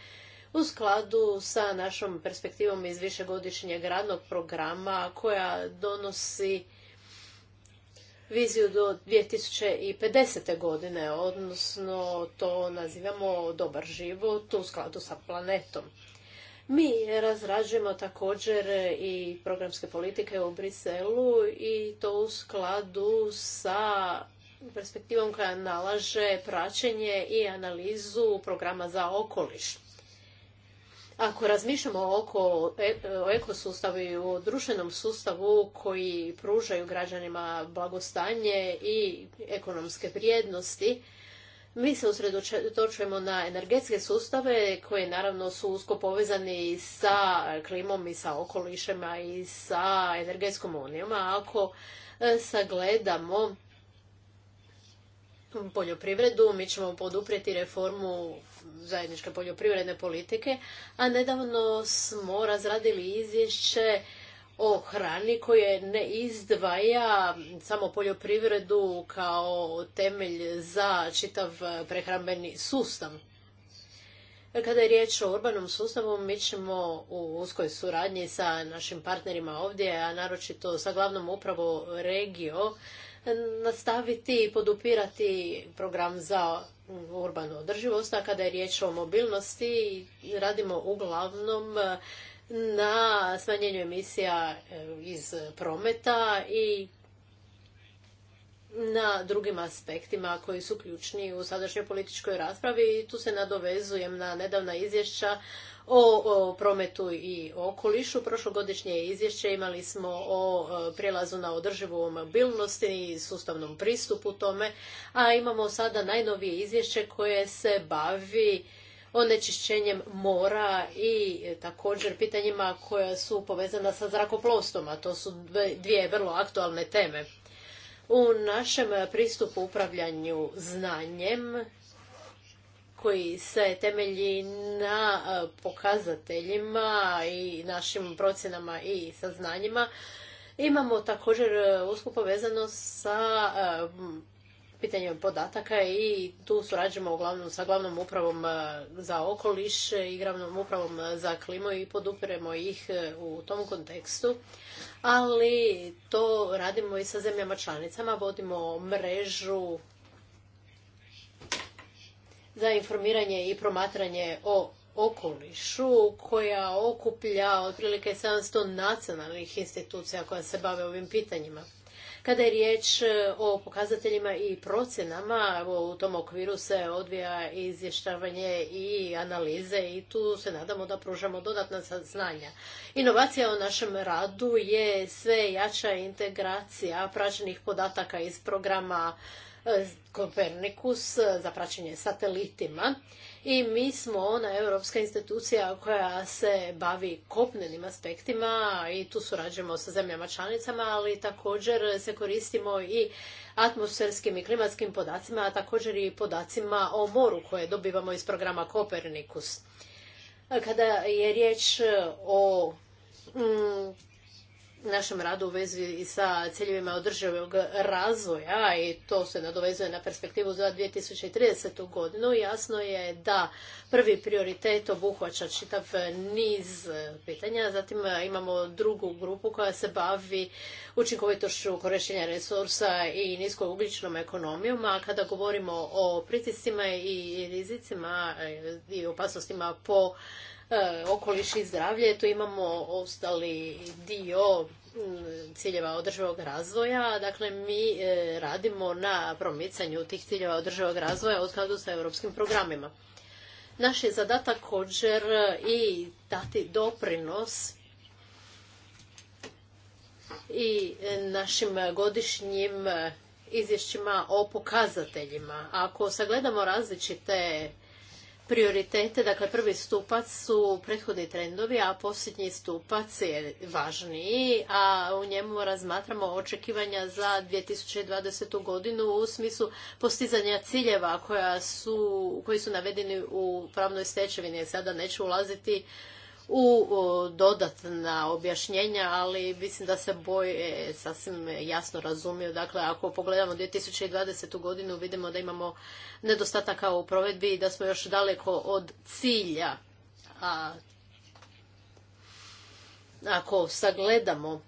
Speaker 1: u skladu sa našom perspektivom iz višegodišnjeg radnog programa koja donosi viziju do 2050. godine, odnosno to nazivamo dobar život u skladu sa planetom. Mi razrađujemo također i programske politike u Briselu i to u skladu sa perspektivom koja nalaže praćenje i analizu programa za okoliš. Ako razmišljamo oko, e, o ekosustavu i o društvenom sustavu koji pružaju građanima blagostanje i ekonomske vrijednosti, mi se usredotočujemo na energetske sustave koje naravno su usko povezani sa klimom i sa okolišema i sa energetskom unijom. ako e, sagledamo poljoprivredu, mi ćemo poduprijeti reformu zajedničke poljoprivredne politike, a nedavno smo razradili izvješće o hrani koje ne izdvaja samo poljoprivredu kao temelj za čitav prehrambeni sustav. Kada je riječ o urbanom sustavu, mi ćemo u uskoj suradnji sa našim partnerima ovdje, a naročito sa glavnom upravo regio, nastaviti i podupirati program za urbanu održivost, a kada je riječ o mobilnosti radimo uglavnom e, na smanjenju emisija e, iz prometa i na drugim aspektima koji su ključni u sadašnjoj političkoj raspravi i tu se nadovezujem na nedavna izvješća o, prometu i okolišu. Prošlogodišnje izvješće imali smo o e, prijelazu na održivu mobilnost i sustavnom pristupu tome, a imamo sada najnovije izvješće koje se bavi onečišćenjem mora i također pitanjima koja su povezana sa zrakoplostom, a to su dvije vrlo aktualne teme. U našem pristupu upravljanju znanjem koji se temelji na e, pokazateljima i našim procjenama i saznanjima. Imamo također e, usku povezano sa e, pitanjem podataka i tu surađujemo uglavnom sa glavnom upravom za okoliš i glavnom upravom za klimu i podupiremo ih u tom kontekstu. Ali to radimo i sa zemljama članicama, vodimo mrežu za informiranje i promatranje o okolišu koja okuplja otprilike 700 nacionalnih institucija koja se bave ovim pitanjima. Kada je riječ e, o pokazateljima i procjenama, u tom okviru se odvija izvještavanje i analize i tu se nadamo da pružamo dodatna saznanja. Inovacija u našem radu je sve jača integracija praćenih podataka iz programa E, Kopernikus e, za praćenje satelitima i mi smo ona europska institucija koja se bavi kopnenim aspektima i tu surađujemo sa zemljama članicama, ali također se koristimo i atmosferskim i klimatskim podacima, a također i podacima o moru koje dobivamo iz programa Kopernikus. Kada je riječ o mm, našem radu u vezi sa ciljevima održivog razvoja i to se nadovezuje na perspektivu za 2030. godinu. Jasno je da prvi prioritet obuhvaća čitav niz pitanja, zatim e, imamo drugu grupu koja se bavi učinkovitošću korištenja resursa i niskougličnom ekonomijom, a kada govorimo o pritiscima i rizicima e, i opasnostima po E, okoliš i zdravlje. Tu imamo ostali dio mm, ciljeva održivog razvoja. Dakle, mi e, radimo na promicanju tih ciljeva održivog razvoja u skladu sa europskim programima. Naš je zadatak također e, i dati doprinos i našim godišnjim izvješćima o pokazateljima. Ako sagledamo različite prioritete, dakle prvi stupac su prethodni trendovi, a posljednji stupac je važniji, a u njemu razmatramo očekivanja za 2020. godinu u smislu postizanja ciljeva koja su, koji su navedeni u pravnoj stečevini. Sada neću ulaziti u dodatna objašnjenja, ali mislim da se boje sasvim jasno razumiju. Dakle, ako pogledamo 2020. godinu, vidimo da imamo nedostataka u provedbi i da smo još daleko od cilja. A ako sagledamo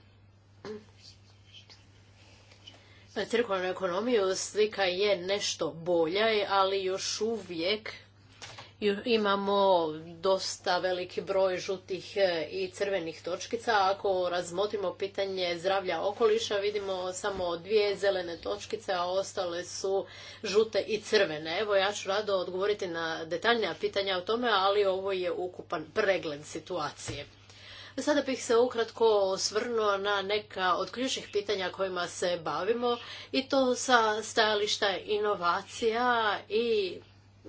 Speaker 1: cirkularnu ekonomiju, slika je nešto bolja, ali još uvijek imamo dosta veliki broj žutih e, i crvenih točkica. Ako razmotrimo pitanje zdravlja okoliša, vidimo samo dvije zelene točkice, a ostale su žute i crvene. Evo, ja ću rado odgovoriti na detaljnija pitanja o tome, ali ovo je ukupan pregled situacije. Sada bih se ukratko osvrnuo na neka od ključnih pitanja kojima se bavimo i to sa stajališta inovacija i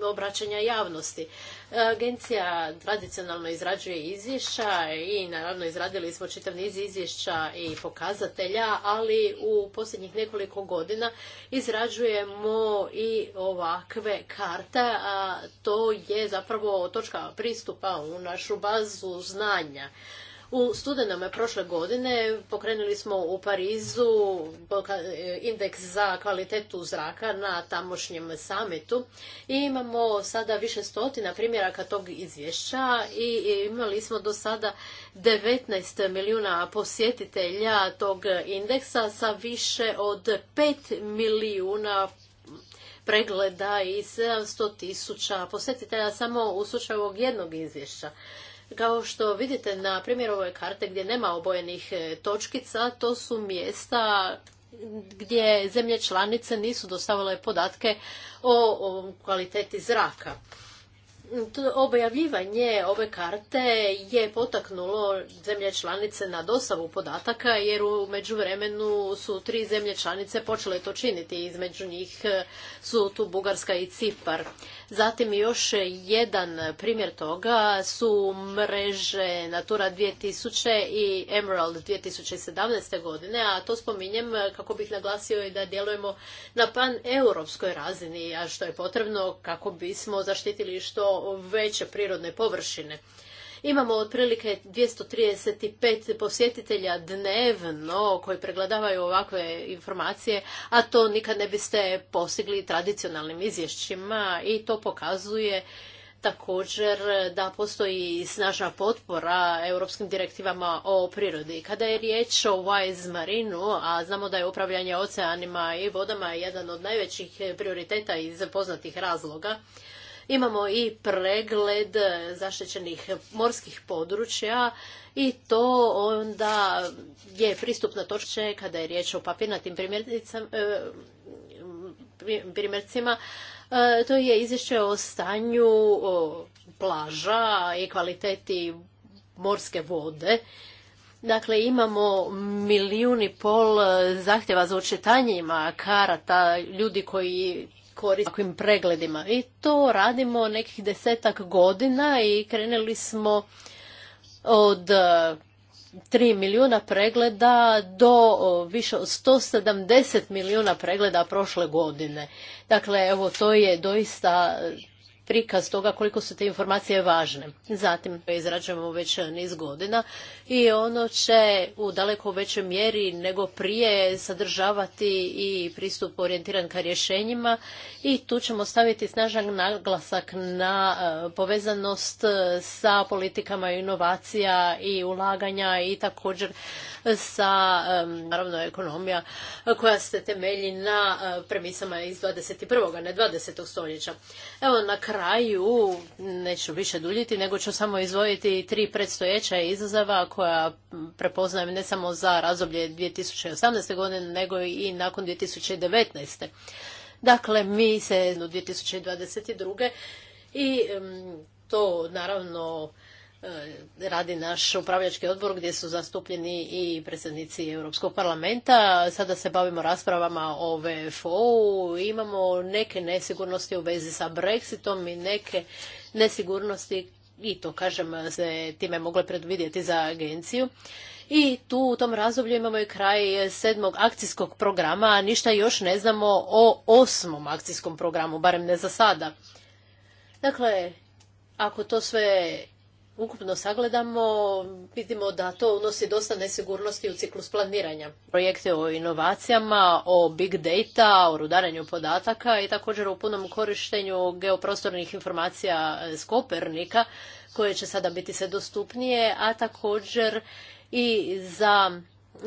Speaker 1: obraćanja javnosti. Agencija tradicionalno izrađuje izvješća i naravno izradili smo čitav niz izvješća i pokazatelja, ali u posljednjih nekoliko godina izrađujemo i ovakve karte, a to je zapravo točka pristupa u našu bazu znanja. U studenama prošle godine pokrenuli smo u Parizu indeks za kvalitetu zraka na tamošnjem sametu i imamo sada više stotina primjeraka tog izvješća i imali smo do sada 19 milijuna posjetitelja tog indeksa sa više od 5 milijuna pregleda i 700 tisuća posjetitelja samo u slučaju ovog jednog izvješća. Kao što vidite na primjeru ove karte gdje nema obojenih e, točkica, to su mjesta gdje zemlje članice nisu dostavile podatke o, kvaliteti zraka. Objavljivanje ove karte je potaknulo zemlje članice na dostavu podataka jer u međuvremenu su tri zemlje članice počele to činiti, između njih e, su tu Bugarska i Cipar. Zatim još jedan primjer toga su mreže Natura 2000 i Emerald 2017. godine, a to spominjem kako bih naglasio i da djelujemo na pan-europskoj razini, a što je potrebno kako bismo zaštitili što veće prirodne površine. Imamo otprilike 235 posjetitelja dnevno koji pregledavaju ovakve informacije, a to nikad ne biste postigli tradicionalnim izvješćima i to pokazuje također da postoji snažna potpora europskim direktivama o prirodi. Kada je riječ o Wise Marinu, a znamo da je upravljanje oceanima i vodama jedan od najvećih prioriteta iz poznatih razloga, Imamo i pregled zaštićenih morskih područja i to onda je pristupna točke kada je riječ o papirnatim e, primjercima. E, to je izvješće o stanju plaža i kvaliteti morske vode. Dakle, imamo milijuni pol zahtjeva za očitanjima karata, ljudi koji korisnim pregledima. I to radimo nekih desetak godina i krenuli smo od 3 e, milijuna pregleda do više od 170 milijuna pregleda prošle godine. Dakle, evo, to je doista prikaz toga koliko su te informacije važne. Zatim to izrađujemo već niz godina i ono će u daleko većoj mjeri nego prije sadržavati i pristup orijentiran ka rješenjima i tu ćemo staviti snažan naglasak na e, povezanost e, sa politikama inovacija i ulaganja i također sa e, naravno ekonomija koja se temelji na premisama iz 21. ne 20. stoljeća. Evo na kraju kraju neću više duljiti, nego ću samo izvojiti tri predstojeća izazova koja prepoznajem ne samo za razdoblje 2018. godine, nego i nakon 2019. Dakle, mi se u 2022. i to naravno E, radi naš upravljački odbor gdje su zastupljeni i predsjednici Europskog parlamenta. Sada se bavimo raspravama o VFO-u. Imamo neke nesigurnosti u vezi sa Brexitom i neke nesigurnosti i to kažem se time mogle predvidjeti za agenciju. I tu u tom razdoblju imamo i kraj sedmog akcijskog programa, a ništa još ne znamo o osmom akcijskom programu, barem ne za sada. Dakle, ako to sve ukupno sagledamo, vidimo da to unosi dosta nesigurnosti u ciklus planiranja. Projekte o inovacijama, o big data, o rudaranju podataka i također o punom korištenju geoprostornih informacija s Kopernika, koje će sada biti sve dostupnije, a također i za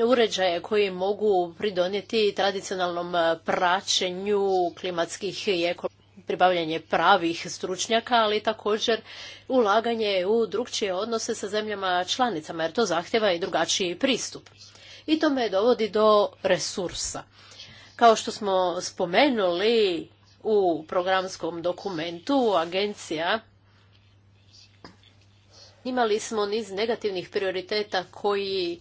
Speaker 1: uređaje koji mogu pridonijeti tradicionalnom praćenju klimatskih i ekoloških pribavljanje pravih stručnjaka, ali također ulaganje u drugčije odnose sa zemljama članicama, jer to zahtjeva i drugačiji pristup. I to me dovodi do resursa. Kao što smo spomenuli u programskom dokumentu, agencija imali smo niz negativnih prioriteta koji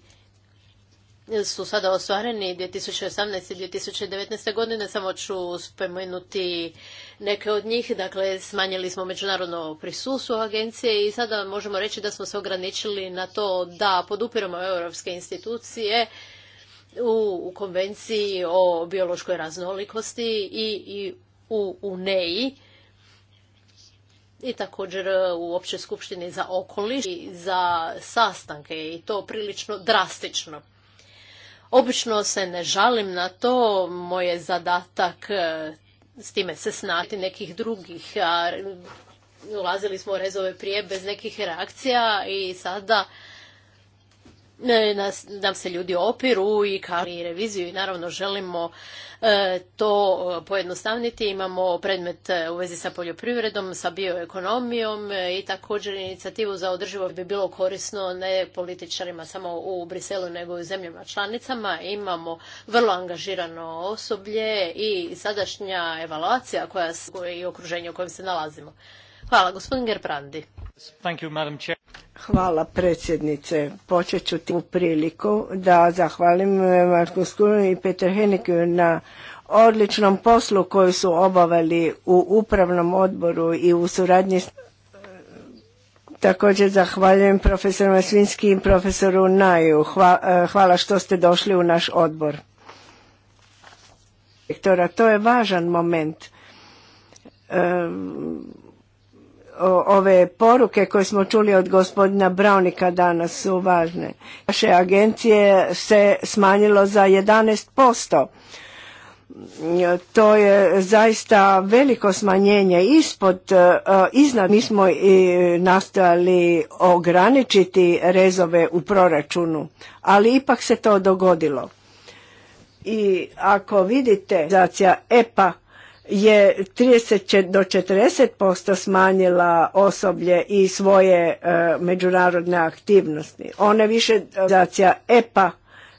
Speaker 1: su sada ostvareni 2018. i 2019. godine. Samo ću spomenuti neke od njih. Dakle, smanjili smo međunarodno prisustvo agencije i sada možemo reći da smo se ograničili na to da podupiramo europske institucije u konvenciji o biološkoj raznolikosti i, i u UNEI i također u Općoj skupštini za okoliš i za sastanke i to prilično drastično. Obično se ne žalim na to, moj je zadatak e, s time se snati nekih drugih. ulazili smo u rezove prije bez nekih reakcija i sada nas, nam se ljudi opiru i kao i reviziju i naravno želimo e, to e, pojednostavniti. Imamo predmet e, u vezi sa poljoprivredom, sa bioekonomijom i također inicijativu za održivo bi bilo korisno ne političarima samo u Briselu nego i u zemljama članicama. Imamo vrlo angažirano osoblje i sadašnja evaluacija koja i okruženje u kojem se nalazimo. Hvala, gospodin Gerprandi. Thank you,
Speaker 2: Hvala predsjednice. Počet ću u priliku da zahvalim eh, Marku Skuru i Peter Heniku na odličnom poslu koju su obavili u upravnom odboru i u suradnji Također zahvaljujem profesoru Masvinski i profesoru Naju. Eh, hvala što ste došli u naš odbor. To je važan moment. Eh, ove poruke koje smo čuli od gospodina Braunika danas su važne. Naše agencije se smanjilo za 11%. To je zaista veliko smanjenje ispod, e, e, iznad. Mi smo i nastojali ograničiti rezove u proračunu, ali ipak se to dogodilo. I ako vidite, zacija EPA je 30 do 40% smanjila osoblje i svoje e, međunarodne aktivnosti. One više organizacija EPA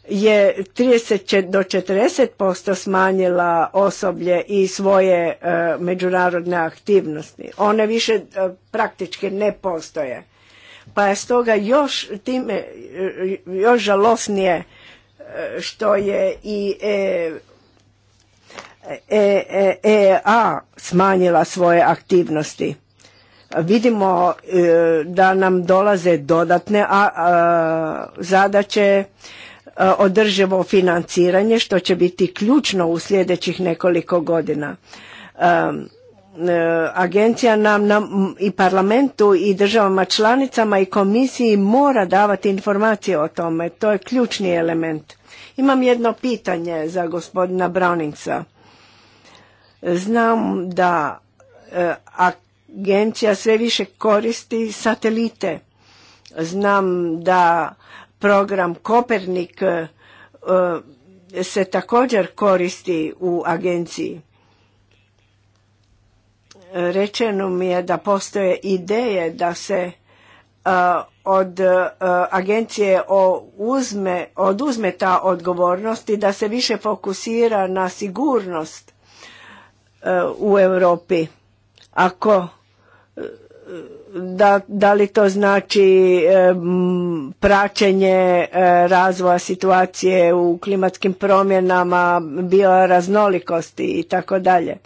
Speaker 2: je 30 do 40% smanjila osoblje i svoje e, međunarodne aktivnosti. One više e, praktički ne postoje. Pa je stoga još time još žalosnije što je i EA e, e, smanjila svoje aktivnosti. Vidimo e, da nam dolaze dodatne zadaće, održivo financiranje što će biti ključno u sljedećih nekoliko godina. Agencija nam, nam i parlamentu i državama članicama i komisiji mora davati informacije o tome. To je ključni element. Imam jedno pitanje za gospodina Browningsa. Znam da e, agencija sve više koristi satelite. Znam da program Kopernik e, e, se također koristi u agenciji. Rečeno mi je da postoje ideje da se od agencije oduzme ta odgovornost i da se više fokusira na sigurnost E, u Europi. Ako e, da, da li to znači e, praćenje razvoja situacije u klimatskim promjenama, bioraznolikosti i tako dalje.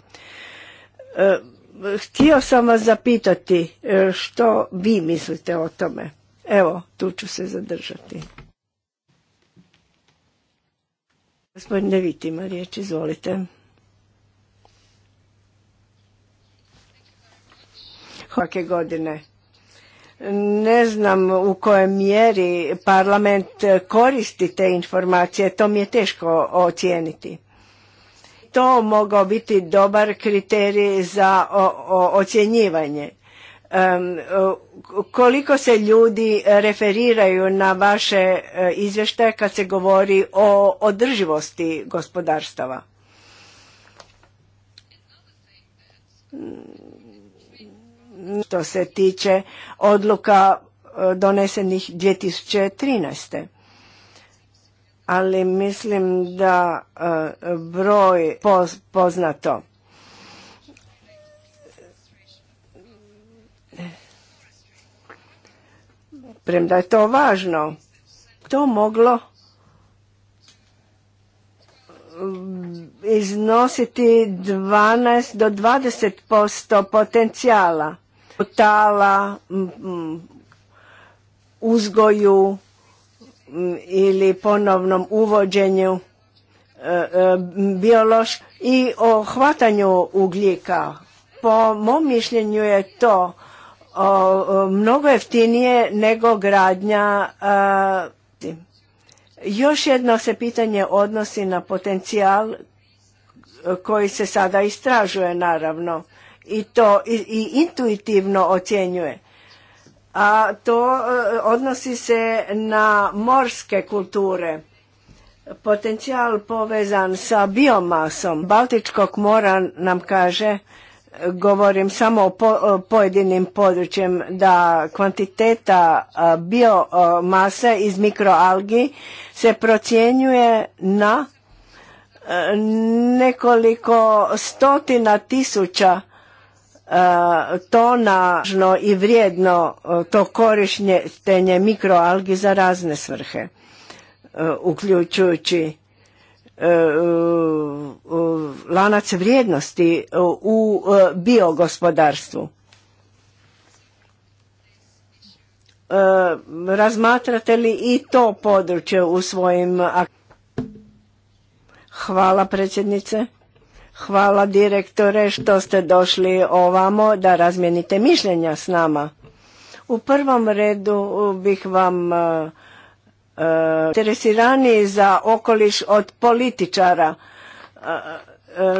Speaker 2: Htio sam vas zapitati što vi mislite o tome. Evo, tu ću se zadržati. Gospodine Vitima ima riječ, izvolite. svake godine. Ne znam u kojoj mjeri parlament koristi te informacije, to mi je teško ocijeniti. To mogao biti dobar kriterij za ocjenjivanje. koliko se ljudi referiraju na vaše e, izvještaje kad se govori o održivosti gospodarstava? što se tiče odluka e, donesenih 2013. Ali mislim da e, broj poznato. Premda je to važno, to moglo mm, iznositi 12 do 20% potencijala tala, uzgoju ili ponovnom uvođenju e, e, biološki i o hvatanju ugljika. Po mom mišljenju je to mnogo jeftinije nego gradnja još jedno se pitanje odnosi na potencijal e, koji se sada istražuje naravno i to i, intuitivno ocjenjuje a to e, odnosi se na morske kulture potencijal povezan sa biomasom baltičkog mora nam kaže govorim samo o pojedinim područjem da kvantiteta biomase iz mikroalgi se procjenjuje na e, nekoliko stotina tisuća to nažno i vrijedno e, to korištenje mikroalgi za razne svrhe, e, uključujući e, lanac vrijednosti u biogospodarstvu. Razmatrate li i to područje u svojim Hvala predsjednice. Hvala direktore što ste došli ovamo da razmijenite mišljenja s nama. U prvom redu bih vam e, e, interesirani za okoliš od političara. E,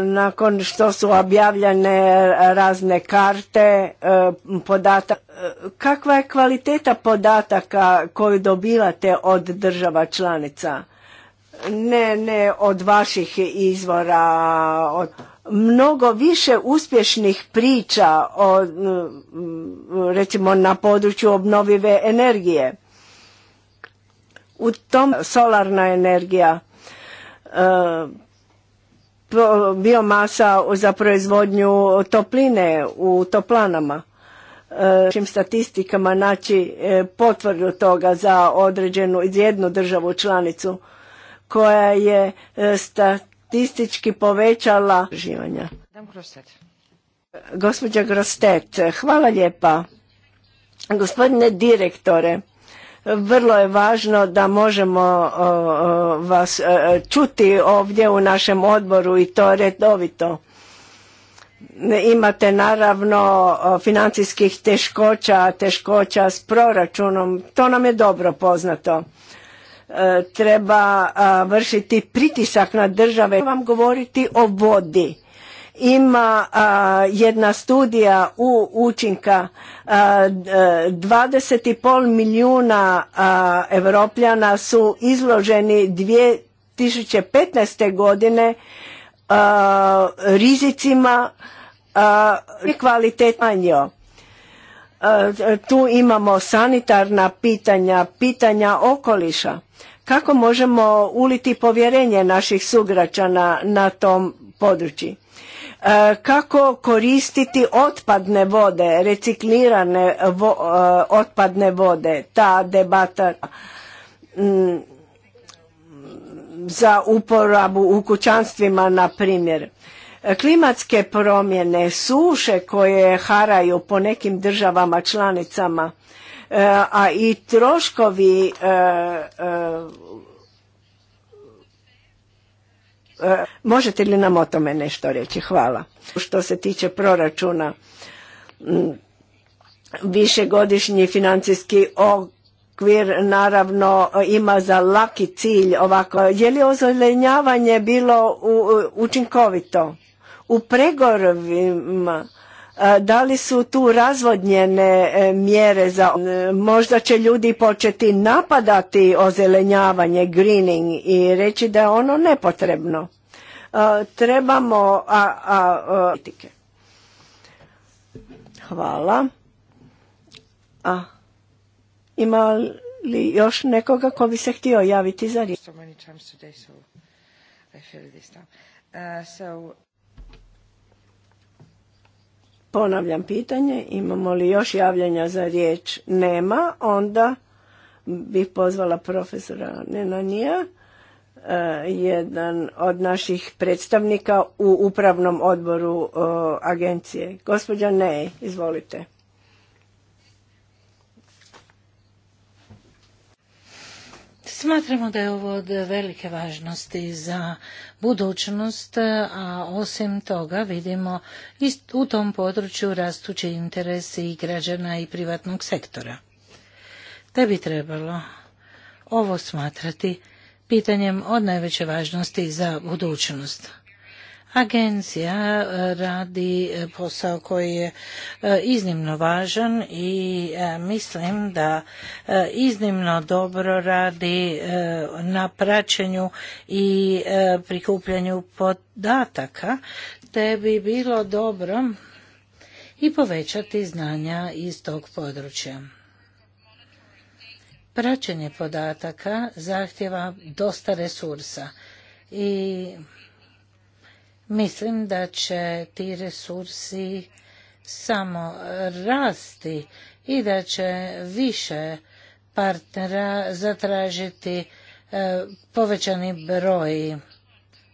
Speaker 2: nakon što su objavljene razne karte podataka. Kakva je kvaliteta podataka koju dobivate od država članica? ne, ne od vaših izvora, od mnogo više uspješnih priča o, mm, recimo na području obnovive energije. U tom solarna energija, e, biomasa za proizvodnju topline u toplanama našim e, statistikama naći e, potvrdu toga za određenu jednu državu članicu koja je e, statistički povećala živanja. Gospođa Grostet, hvala lijepa. Gospodine direktore, vrlo je važno da možemo vas e, čuti ovdje u našem odboru i to redovito. Imate naravno financijskih teškoća, teškoća s proračunom, to nam je dobro poznato. E, treba e, vršiti pritisak na države. Vam govoriti o vodi. Ima e, jedna studija u učinka 20,5 milijuna evropljana su izloženi 2015. godine rizicima manjo E, tu imamo sanitarna pitanja, pitanja okoliša. Kako možemo uliti povjerenje naših sugrađana na tom području? E, kako koristiti otpadne vode, reciklirane e, otpadne vode, ta debata mm, za uporabu u kućanstvima, na primjer. Klimatske promjene, suše koje haraju po nekim državama članicama, e, a i troškovi e, e, Možete li nam o tome nešto reći? Hvala. Što se tiče proračuna, višegodišnji financijski okvir naravno ima za laki cilj ovako. Je li ozelenjavanje bilo učinkovito? u pregorovima e, da li su tu razvodnjene e, mjere za e, možda će ljudi početi napadati ozelenjavanje greening i reći da je ono nepotrebno trebamo a, hvala a ima li još nekoga ko bi se htio javiti za riječ Ponavljam pitanje, imamo li još javljanja za riječ? Nema, onda bih pozvala profesora Nenanija, e, jedan od naših predstavnika u upravnom odboru e, agencije. Gospođa ne, izvolite.
Speaker 3: Smatramo da je ovo od velike važnosti za budućnost, a osim toga vidimo u tom području rastući interesi i građana i privatnog sektora. Te bi trebalo ovo smatrati pitanjem od najveće važnosti za budućnost. Agencija eh, radi eh, posao koji je eh, iznimno važan i mislim da iznimno dobro radi na praćenju i prikupljanju podataka, te bi bilo dobro i povećati znanja iz tog područja. Praćenje podataka zahtjeva dosta resursa i Mislim da će ti resursi samo rasti i da će više partnera zatražiti e, povećani broj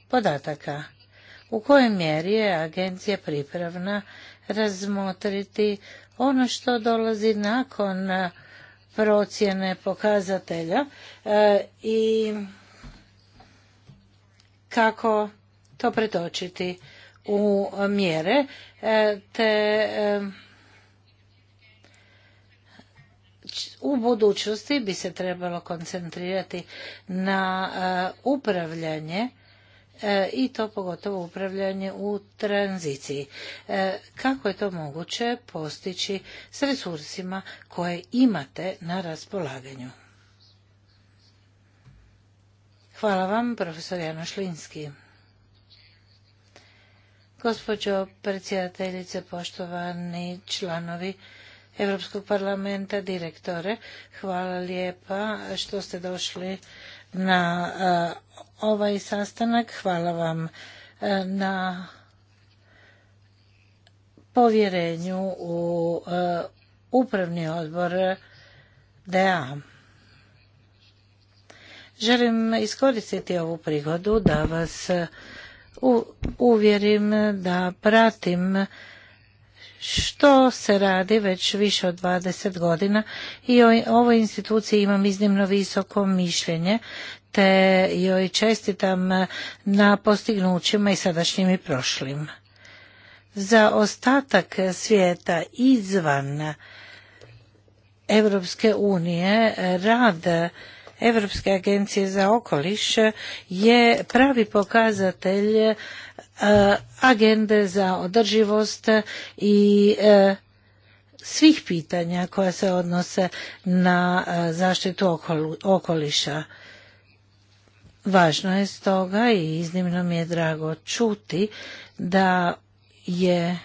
Speaker 3: podataka. U kojoj mjeri je agencija pripravna razmotriti ono što dolazi nakon procjene pokazatelja e, i kako to pretočiti u mjere e, te e, u budućnosti bi se trebalo koncentrirati na e, upravljanje i to pogotovo upravljanje u tranziciji. Kako je to moguće postići s resursima koje imate na raspolaganju? Hvala vam, profesor Jano Šlinski. Gospođo predsjedateljice, poštovani članovi Europskog parlamenta, direktore, hvala lijepa što ste došli na eh, ovaj sastanak. Hvala vam eh, na povjerenju u eh, upravni odbor DA. Želim iskoristiti ovu prigodu da vas uvjerim da pratim što se radi već više od 20 godina i o ovoj instituciji imam iznimno visoko mišljenje te joj čestitam na postignućima i sadašnjim i prošlim. Za ostatak svijeta izvan Europske unije rad Europske agencije za okoliš je pravi pokazatelj e, agende za održivost i e, svih pitanja koja se odnose na e, zaštitu okoliša. Važno je stoga i iznimno mi je drago čuti da je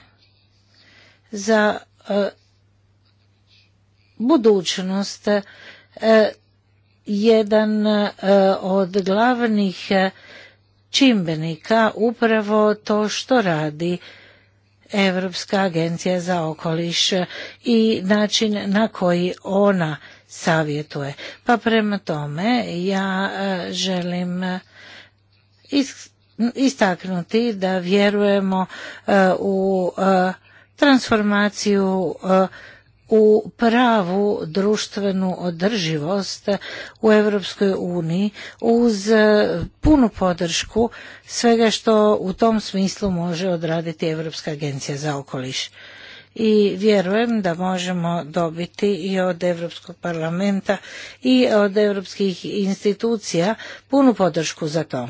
Speaker 3: za budućnost jedan e, od glavnih e, čimbenika upravo to što radi Europska agencija za okoliš i način na koji ona savjetuje. Pa prema tome ja e, želim istaknuti da vjerujemo u transformaciju u pravu društvenu održivost u Europskoj uniji uz e, punu podršku svega što u tom smislu može odraditi Europska agencija za okoliš. I vjerujem da možemo dobiti i od Europskog parlamenta i od europskih institucija punu podršku za to.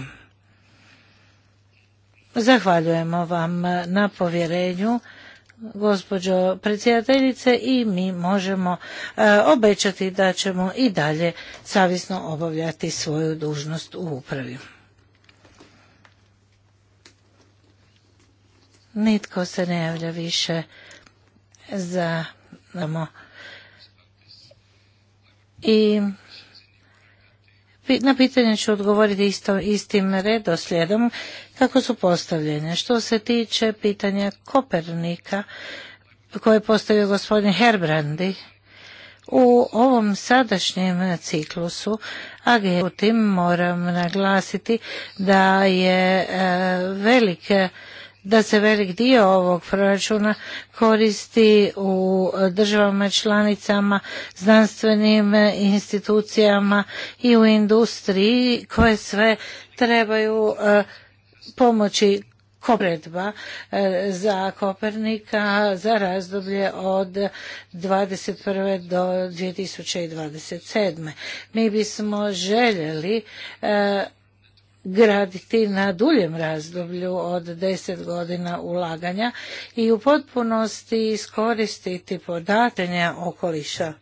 Speaker 3: Zahvaljujemo vam na povjerenju gospođo predsjedateljice i mi možemo e, obećati da ćemo i dalje savjesno obavljati svoju dužnost u upravi. Nitko se ne javlja više za I na pitanje ću odgovoriti isto, istim redoslijedom kako su postavljene. Što se tiče pitanja Kopernika koje je postavio gospodin Herbrandi, u ovom sadašnjem ciklusu agentim moram naglasiti da je e, velike da se velik dio ovog proračuna koristi u državama članicama, znanstvenim institucijama i u industriji koje sve trebaju eh, pomoći kopredba eh, za Kopernika za razdoblje od 21. do 2027. Mi bismo željeli eh, graditi na duljem razdoblju od deset godina ulaganja i u potpunosti iskoristiti podatanja okoliša.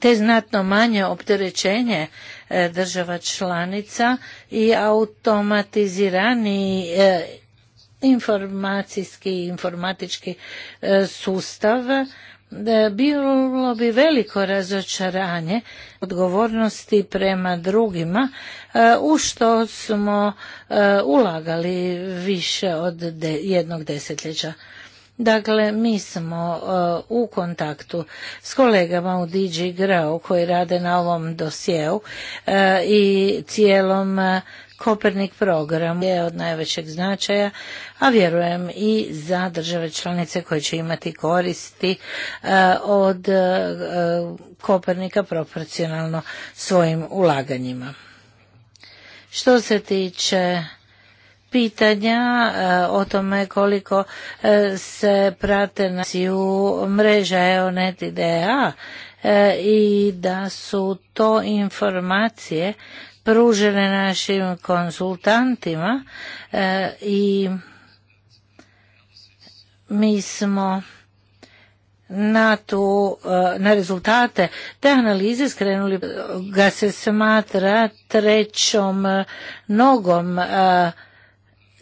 Speaker 3: Te znatno manje opterećenje e, država članica i automatizirani e, informacijski i informatički e, sustav bilo bi veliko razočaranje odgovornosti prema drugima e, u što smo e, ulagali više od jednog desetljeća. Dakle, mi smo e, u kontaktu s kolegama u DG Grau koji rade na ovom dosjeu i cijelom Kopernik program je od najvećeg značaja, a vjerujem i za države članice koje će imati koristi e, od e, Kopernika proporcionalno svojim ulaganjima. Što se tiče pitanja e, o tome koliko se prate na u mreža EONET idea i da su to informacije pružene našim konsultantima e, i mi smo na tu, e, na rezultate te analize skrenuli e, ga se smatra trećom nogom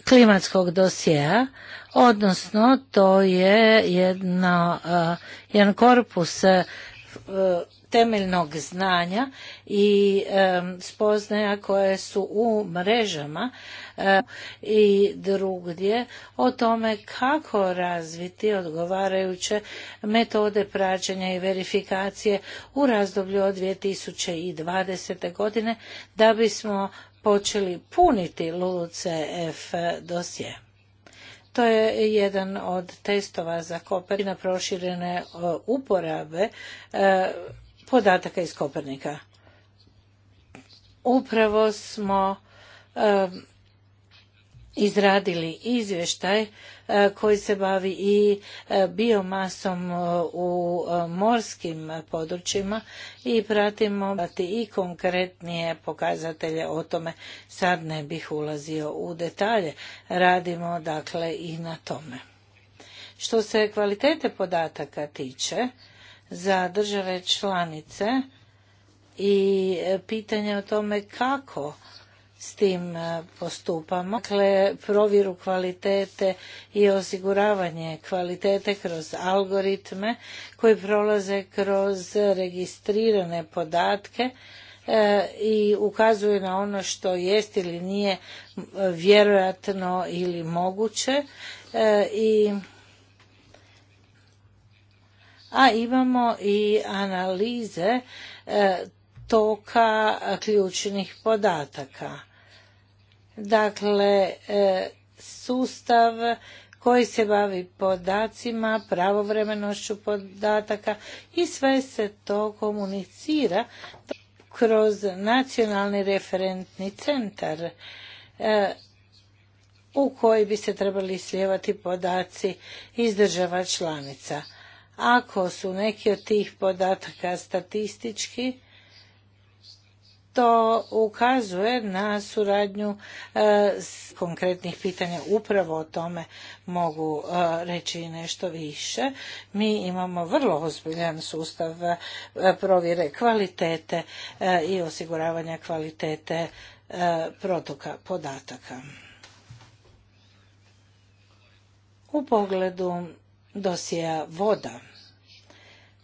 Speaker 3: klimatskog dosjea, odnosno to je jedno jedan korpus temeljnog znanja i spoznaja koje su u mrežama i drugdje o tome kako razviti odgovarajuće metode praćenja i verifikacije u razdoblju od 2020. godine da bismo počeli puniti LULUCF dosje. To je jedan od testova za kopir na proširene e, uporabe e, podataka iz Kopernika. Upravo smo izradili izvještaj e, koji se bavi i e, biomasom e, u morskim područjima i pratimo i konkretnije pokazatelje o tome. Sad ne bih ulazio u detalje. Radimo dakle i na tome. Što se kvalitete podataka tiče, za države članice i pitanje o tome kako s tim e, postupamo. Dakle, provjeru kvalitete i osiguravanje kvalitete kroz algoritme koji prolaze kroz registrirane podatke e, i ukazuju na ono što jest ili nije vjerojatno ili moguće e, i a imamo i analize e, toka ključnih podataka. Dakle, e, sustav koji se bavi podacima, pravovremenošću podataka i sve se to komunicira kroz nacionalni referentni centar e, u koji bi se trebali slijevati podaci iz država članica. Ako su neki od tih podataka statistički, to ukazuje na suradnju e, s konkretnih pitanja. Upravo o tome mogu reći reći nešto više. Mi imamo vrlo ozbiljan sustav e, provjere kvalitete e, i osiguravanja kvalitete protoka podataka. U pogledu dosija voda.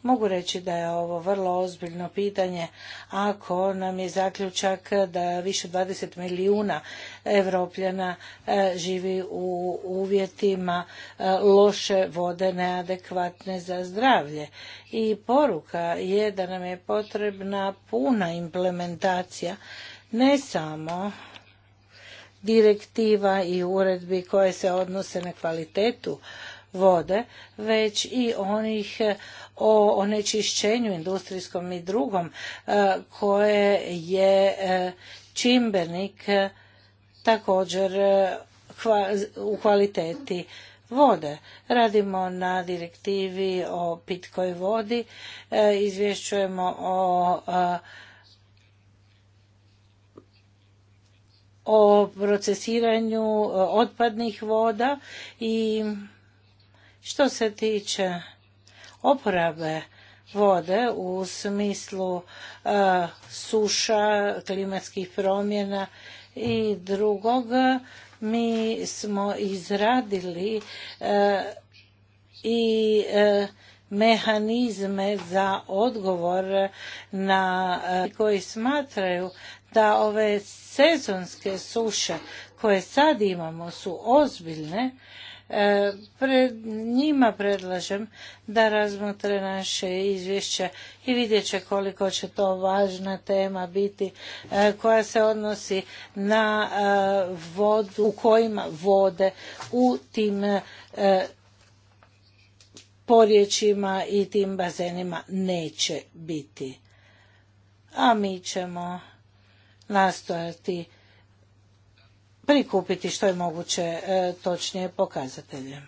Speaker 3: Mogu reći da je ovo vrlo ozbiljno pitanje ako nam je zaključak da više 20 milijuna evropljana e, živi u uvjetima e, loše vode neadekvatne za zdravlje. I poruka je da nam je potrebna puna implementacija ne samo direktiva i uredbi koje se odnose na kvalitetu vode, već i onih e, o onečišćenju industrijskom i drugom e, koje je e, čimbenik također u kvaliteti vode. Radimo na direktivi o pitkoj vodi, izvješćujemo o o procesiranju otpadnih voda i što se tiče oporabe vode u smislu e, suša, klimatskih promjena i drugog, mi smo izradili e, i e, mehanizme za odgovor na koji smatraju da ove sezonske suše koje sad imamo su ozbiljne E, pred njima predlažem da razmotre naše izvješće i vidjet će koliko će to važna tema biti e, koja se odnosi na e, vodu, u kojima vode u tim porječima i tim bazenima neće biti. A mi ćemo nastojati prikupiti što je moguće e, točnije pokazatelje.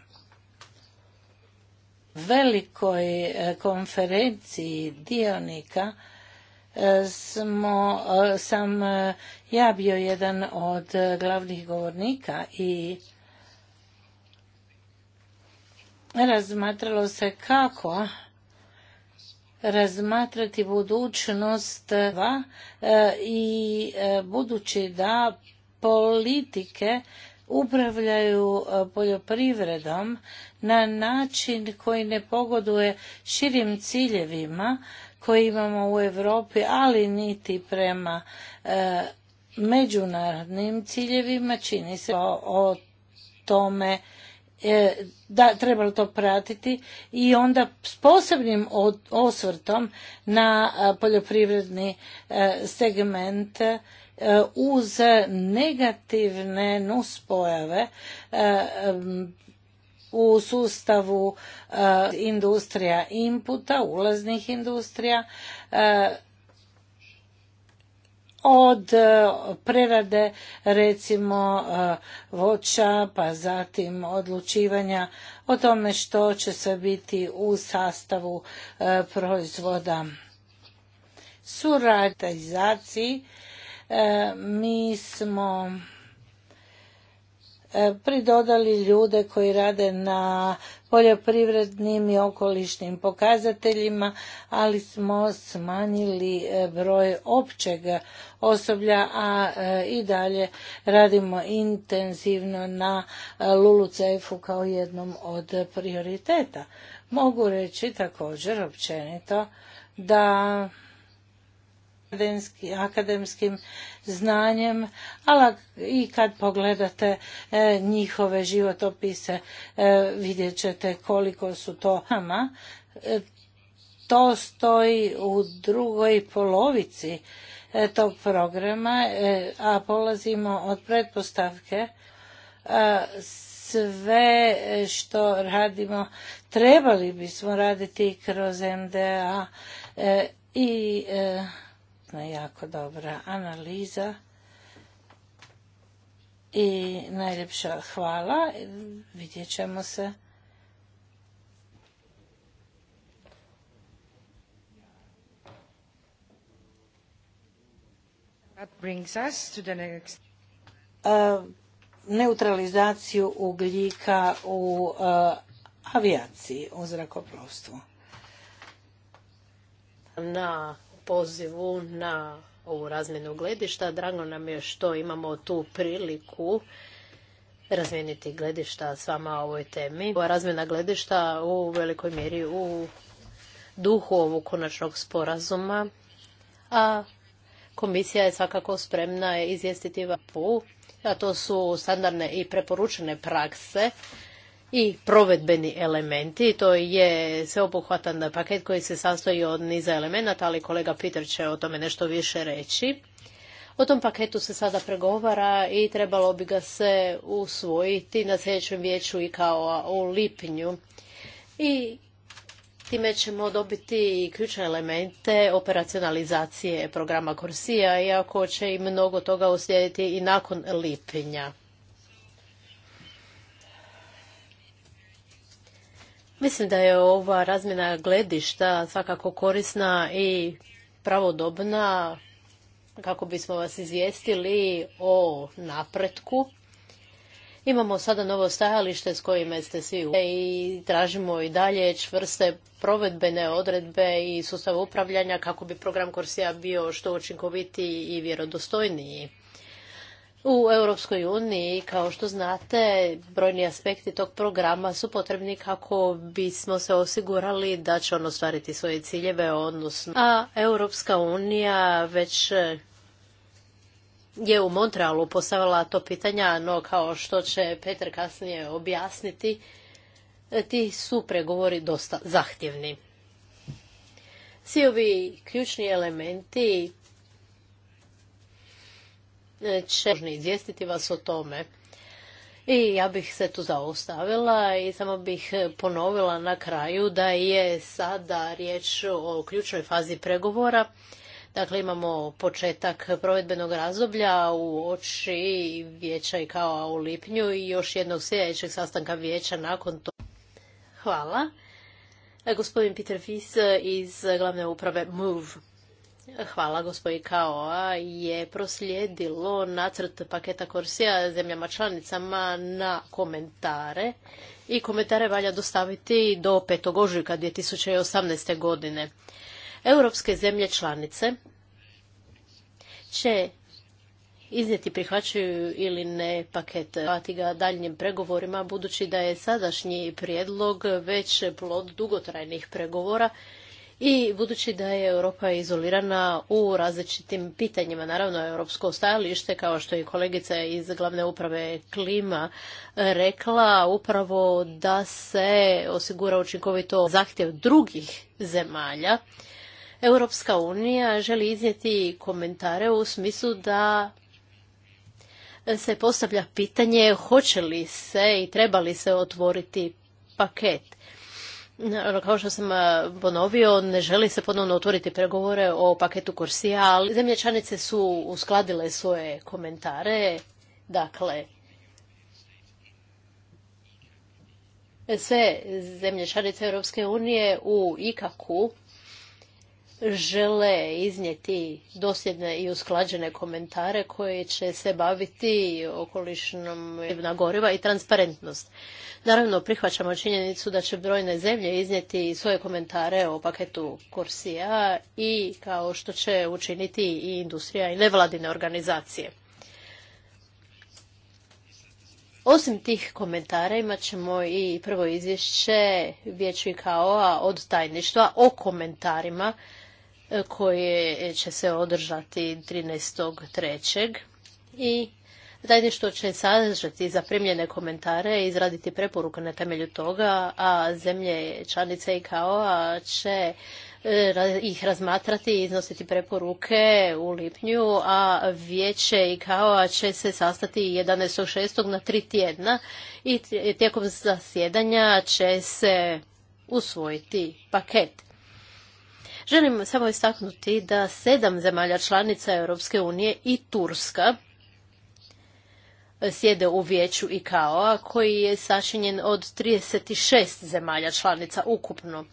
Speaker 3: Velikoj e, konferenciji dionika e, smo, sam ja bio jedan od glavnih govornika i razmatralo se kako razmatrati budućnost i budući da politike upravljaju e, poljoprivredom na način koji ne pogoduje širim ciljevima koje imamo u Europi, ali niti prema e, međunarodnim ciljevima. Čini se o, tome e, da trebalo to pratiti i onda s posebnim osvrtom na poljoprivredni e, segment E, uz negativne nuspojave e, u sustavu e, industrija inputa, ulaznih industrija, od prerade recimo voća pa zatim odlučivanja o tome što će se biti u sastavu proizvoda. Suratizaciji E, mi smo e, pridodali ljude koji rade na poljoprivrednim i okolišnim pokazateljima, ali smo smanjili e, broj općeg osoblja, a i dalje radimo intenzivno na lulucf kao jednom od prioriteta. Mogu reći također općenito da akademskim znanjem, ali i kad pogledate e, njihove životopise e, vidjet ćete koliko su to hama. E, to stoji u drugoj polovici tog programa, a polazimo od pretpostavke sve što radimo trebali bismo raditi kroz MDA i jako dobra analiza i najljepša hvala. Vidjet ćemo se. neutralizaciju ugljika u avijaciji, u zrakoplovstvu.
Speaker 1: Na pozivu na ovu razmjenu gledišta. Drago nam je što imamo tu priliku razmijeniti gledišta s vama o ovoj temi. Ova razmjena gledišta u velikoj mjeri u duhu ovog konačnog sporazuma, a komisija je svakako spremna izvijestiti vapu, a to su standardne i preporučene prakse i provedbeni elementi. To je sveobuhvatan paket koji se sastoji od niza elemenata, ali kolega Peter će o tome nešto više reći. O tom paketu se sada pregovara i trebalo bi ga se usvojiti na sljedećem vijeću i kao u lipnju. I time ćemo dobiti i ključne elemente operacionalizacije programa Korsija, iako će i mnogo toga uslijediti i nakon lipnja. Mislim da je ova razmjena gledišta svakako korisna i pravodobna kako bismo vas izvijestili o napretku. Imamo sada novo stajalište s kojim ste svi u... i tražimo i dalje čvrste provedbene odredbe i sustav upravljanja kako bi program Korsija bio što učinkovitiji i vjerodostojniji. U Europskoj uniji, kao što znate, brojni aspekti tog programa su potrebni kako bismo se osigurali da će on ostvariti svoje ciljeve, odnosno a Europska unija već je u Montrealu postavila to pitanja, no kao što će Peter kasnije objasniti, ti su pregovori dosta zahtjevni. Svi ovi ključni elementi će izvijestiti vas o tome. I ja bih se tu zaustavila i samo bih ponovila na kraju da je sada riječ o ključnoj fazi pregovora. Dakle, imamo početak provedbenog razdoblja u oči vijeća i kao u lipnju i još jednog sljedećeg sastanka vijeća nakon toga. Hvala. E, gospodin Peter Fis iz glavne uprave MOVE. Hvala gospodin Kaoa je proslijedilo nacrt paketa Korsija zemljama članicama na komentare i komentare valja dostaviti do 5. ožujka 2018. godine. Europske zemlje članice će iznijeti prihvaćaju ili ne paket ga daljnjim pregovorima budući da je sadašnji prijedlog već plod dugotrajnih pregovora i budući da je Europa izolirana u različitim pitanjima, naravno europsko stajalište, kao što je kolegica iz glavne uprave klima rekla, upravo da se osigura učinkovito zahtjev drugih zemalja, Europska unija želi iznijeti komentare u smislu da se postavlja pitanje hoće li se i treba li se otvoriti paket. Kao što sam ponovio, ne želi se ponovno otvoriti pregovore o paketu Korsija, ali zemlje članice su uskladile svoje komentare. Dakle, sve zemlje članice Europske unije u ikaku žele iznijeti dosljedne i usklađene komentare koji će se baviti okolišnom goriva i transparentnost. Naravno, prihvaćamo činjenicu da će brojne zemlje iznijeti svoje komentare o paketu Korsija i kao što će učiniti i industrija i nevladine organizacije. Osim tih komentara imat ćemo i prvo izvješće Vijeću kao od tajništva o komentarima koje će se održati 13.3. i zajedništvo će sadržati zaprimljene komentare i izraditi preporuke na temelju toga, a zemlje članice i kao će e, ih razmatrati i iznositi preporuke u lipnju, a vijeće i kao će se sastati 11.6. na tri tjedna i tijekom zasjedanja će se usvojiti paket. Želim samo istaknuti da sedam zemalja članica Europske unije i Turska sjede u vijeću ICAO-a koji je sačinjen od 36 zemalja članica ukupno.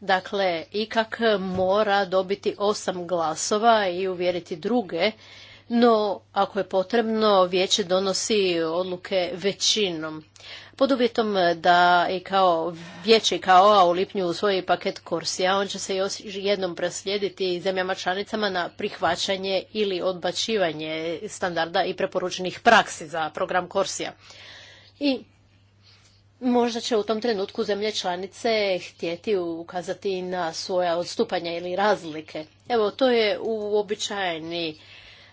Speaker 1: Dakle, ikak mora dobiti osam glasova i uvjeriti druge, no ako je potrebno, vijeće donosi odluke većinom pod uvjetom eh, da i kao vijeće kao a u lipnju usvoji paket Korsija, on će se još jednom preslijediti zemljama članicama na prihvaćanje ili odbačivanje standarda i preporučenih praksi za program Korsija. I možda će u tom trenutku zemlje članice htjeti ukazati na svoja odstupanja ili razlike. Evo, to je uobičajeni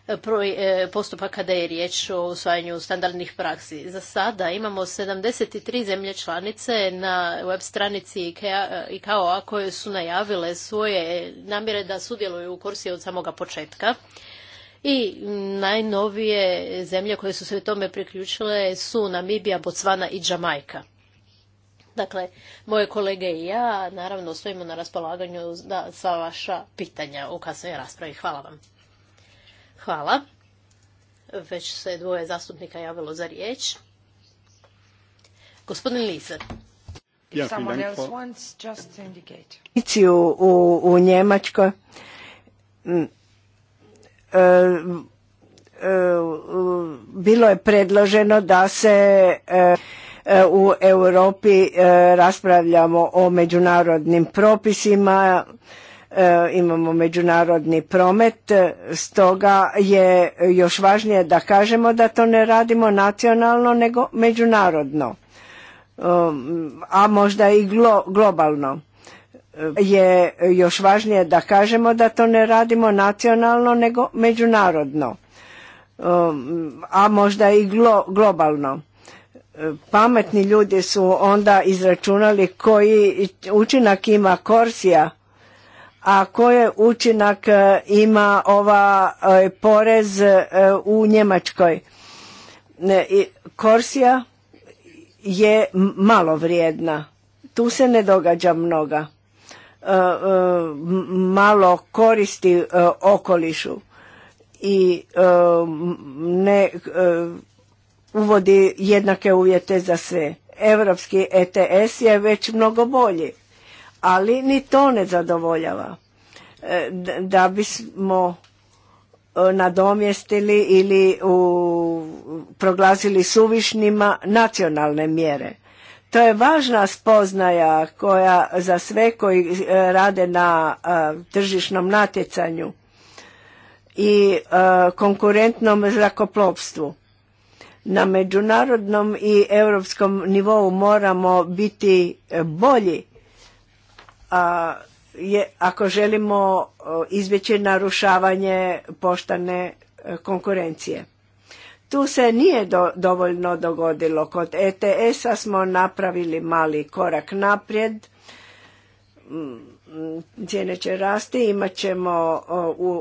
Speaker 1: E, postupak kada je riječ o usvajanju standardnih praksi. Za sada imamo 73 zemlje članice na web stranici e, ICAO-a koje su najavile svoje namjere da sudjeluju u kursi od samoga početka. I najnovije zemlje koje su se tome priključile su Namibija, Botswana i Džamajka. Dakle, moje kolege i ja naravno stojimo na raspolaganju da sva vaša pitanja u kasnoj raspravi. Hvala vam. Hvala. Već se dvoje zastupnika javilo za riječ. Gospodin Liser. Ja,
Speaker 2: u, u Njemačkoj mm. e, e, bilo je predloženo da se e, u Europi raspravljamo o međunarodnim propisima E, imamo međunarodni promet, e, stoga je još važnije da kažemo da to ne radimo nacionalno nego međunarodno, e, a možda i globalno. Je još važnije da kažemo da to ne radimo nacionalno nego međunarodno, a možda i globalno pametni ljudi su onda izračunali koji učinak ima korsija a koje učinak e, ima ova e, porez e, u Njemačkoj. Korsija je malo vrijedna. Tu se ne događa mnoga. Malo koristi okolišu i ne uvodi jednake uvjete za sve. Europski ETS je već mnogo bolji ali ni to ne zadovoljava e, da bismo e, nadomjestili ili u, proglasili suvišnima nacionalne mjere. To je važna spoznaja koja za sve koji e, rade na tržišnom natjecanju i konkurentnom zrakoplovstvu. Na međunarodnom i europskom nivou moramo biti bolji a, je, ako želimo izbjeći narušavanje poštane e, konkurencije. Tu se nije dovoljno dogodilo. Kod ETS-a smo napravili mali korak naprijed. Mm, cijene će rasti, imat ćemo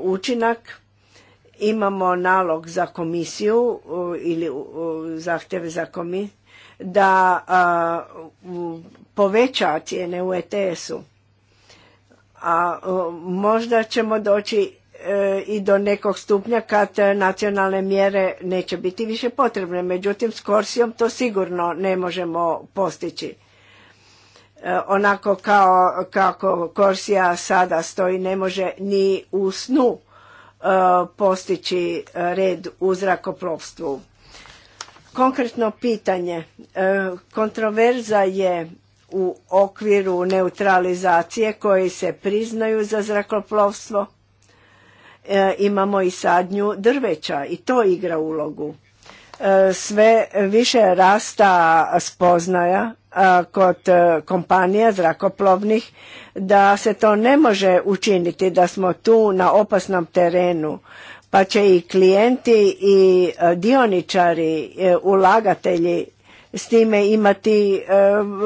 Speaker 2: učinak. Imamo nalog za komisiju ili zahtjev za komisiju da poveća cijene u ETS-u a možda ćemo doći e, i do nekog stupnja kad e, nacionalne mjere neće biti više potrebne. Međutim, s Korsijom to sigurno ne možemo postići. E, onako kao kako Korsija sada stoji, ne može ni u snu postići red u zrakoplovstvu. Konkretno pitanje. Kontroverza je u okviru neutralizacije koji se priznaju za zrakoplovstvo. E, imamo i sadnju drveća i to igra ulogu. E, sve više rasta spoznaja e, kod kompanija zrakoplovnih da se to ne može učiniti, da smo tu na opasnom terenu. Pa će i klijenti i dioničari, ulagatelji s time imati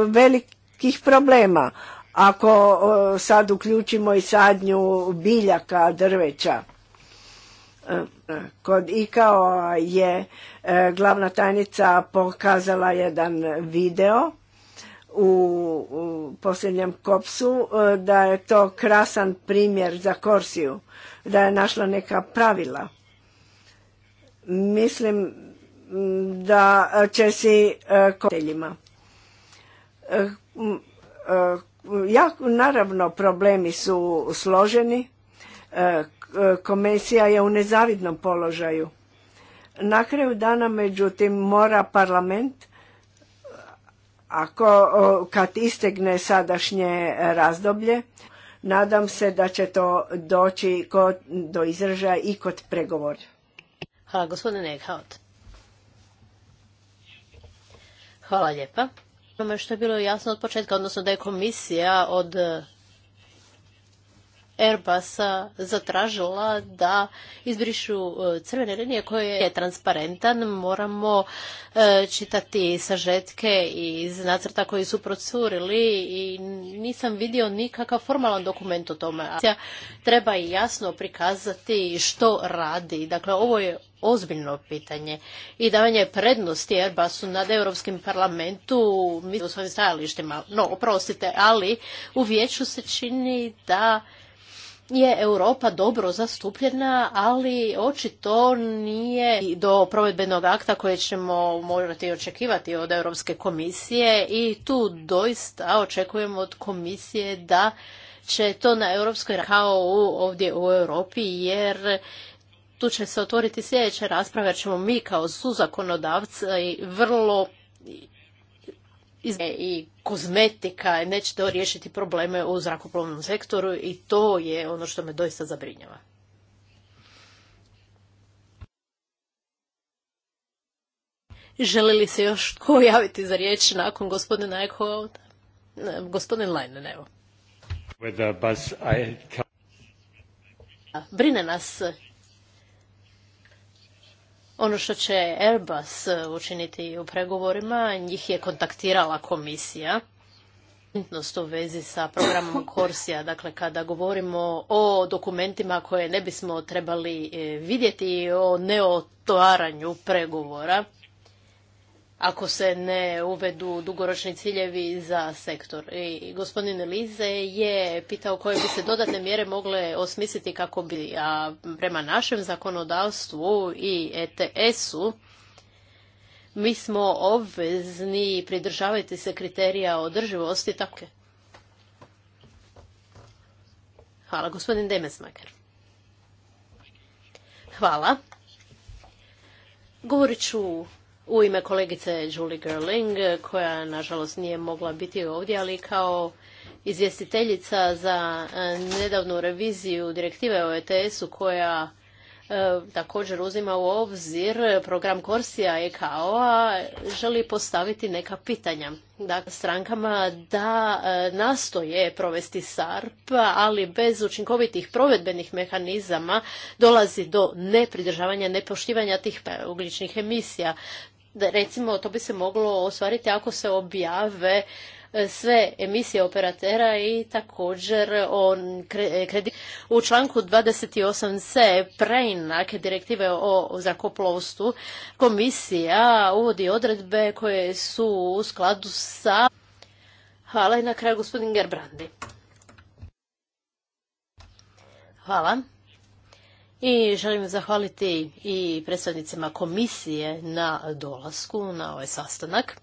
Speaker 2: velik velikih problema ako sad uključimo i sadnju biljaka, drveća. E, e, kod IKAO je e, glavna tajnica pokazala jedan video u posljednjem kopsu da je to krasan primjer za Korsiju, da je našla neka pravila. Mislim da će si koriteljima. E, ja, naravno, problemi su složeni. E, komisija je u nezavidnom položaju. Na kraju dana, međutim, mora parlament, ako kad istegne sadašnje razdoblje, nadam se da će to doći kod, do izražaja i kod pregovora.
Speaker 1: Hvala, gospodine Hvala lijepa onome što je bilo jasno od početka, odnosno da je komisija od e, Airbusa zatražila da izbrišu e, crvene linije koje je transparentan. Moramo e, čitati sažetke iz nacrta koji su procurili i nisam vidio nikakav formalan dokument o tome. Treba i jasno prikazati što radi. Dakle, ovo je ozbiljno pitanje i davanje prednosti Airbusu nad Europskim parlamentu mi u svojim stajalištima. No, oprostite, ali u vijeću se čini da je Europa dobro zastupljena, ali očito nije do provedbenog akta koje ćemo morati očekivati od Europske komisije i tu doista očekujemo od komisije da će to na europskoj kao ovdje u Europi jer tu će se otvoriti sljedeća rasprava jer ćemo mi kao suzakonodavca e, i vrlo e, i kozmetika to riješiti probleme u zrakoplovnom sektoru i to je ono što me doista zabrinjava. Želi li se još tko javiti za riječ nakon gospodina Gospodin Leinen, evo. Brine nas ono što će Airbus učiniti u pregovorima, njih je kontaktirala komisija u vezi sa programom Korsija. Dakle, kada govorimo o dokumentima koje ne bismo trebali eh, vidjeti o neotvaranju pregovora, ako se ne uvedu dugoročni ciljevi za sektor. I gospodin Lize je pitao koje bi se dodatne mjere mogle osmisliti kako bi a prema našem zakonodavstvu i ETS-u mi smo obvezni pridržavati se kriterija održivosti tako. Hvala, gospodin Demesmaker. Hvala. Govorit ću u ime kolegice Julie Gerling, koja nažalost nije mogla biti ovdje, ali kao izvjestiteljica za e, nedavnu reviziju direktive o ETS-u koja e, također uzima u obzir program Korsija i e EKO-a, želi postaviti neka pitanja dakle, strankama da nastoje provesti SARP, ali bez učinkovitih provedbenih mehanizama dolazi do nepridržavanja, nepoštivanja tih pa, ugljičnih emisija recimo to bi se moglo ostvariti ako se objave e, sve emisije operatera i također on e, kredit. U članku 28 se preinake direktive o zrakoplovstvu komisija uvodi odredbe koje su u skladu sa... Hvala i na kraju gospodin Gerbrandi. Hvala. I želim zahvaliti i predstavnicima komisije na dolasku na ovaj sastanak.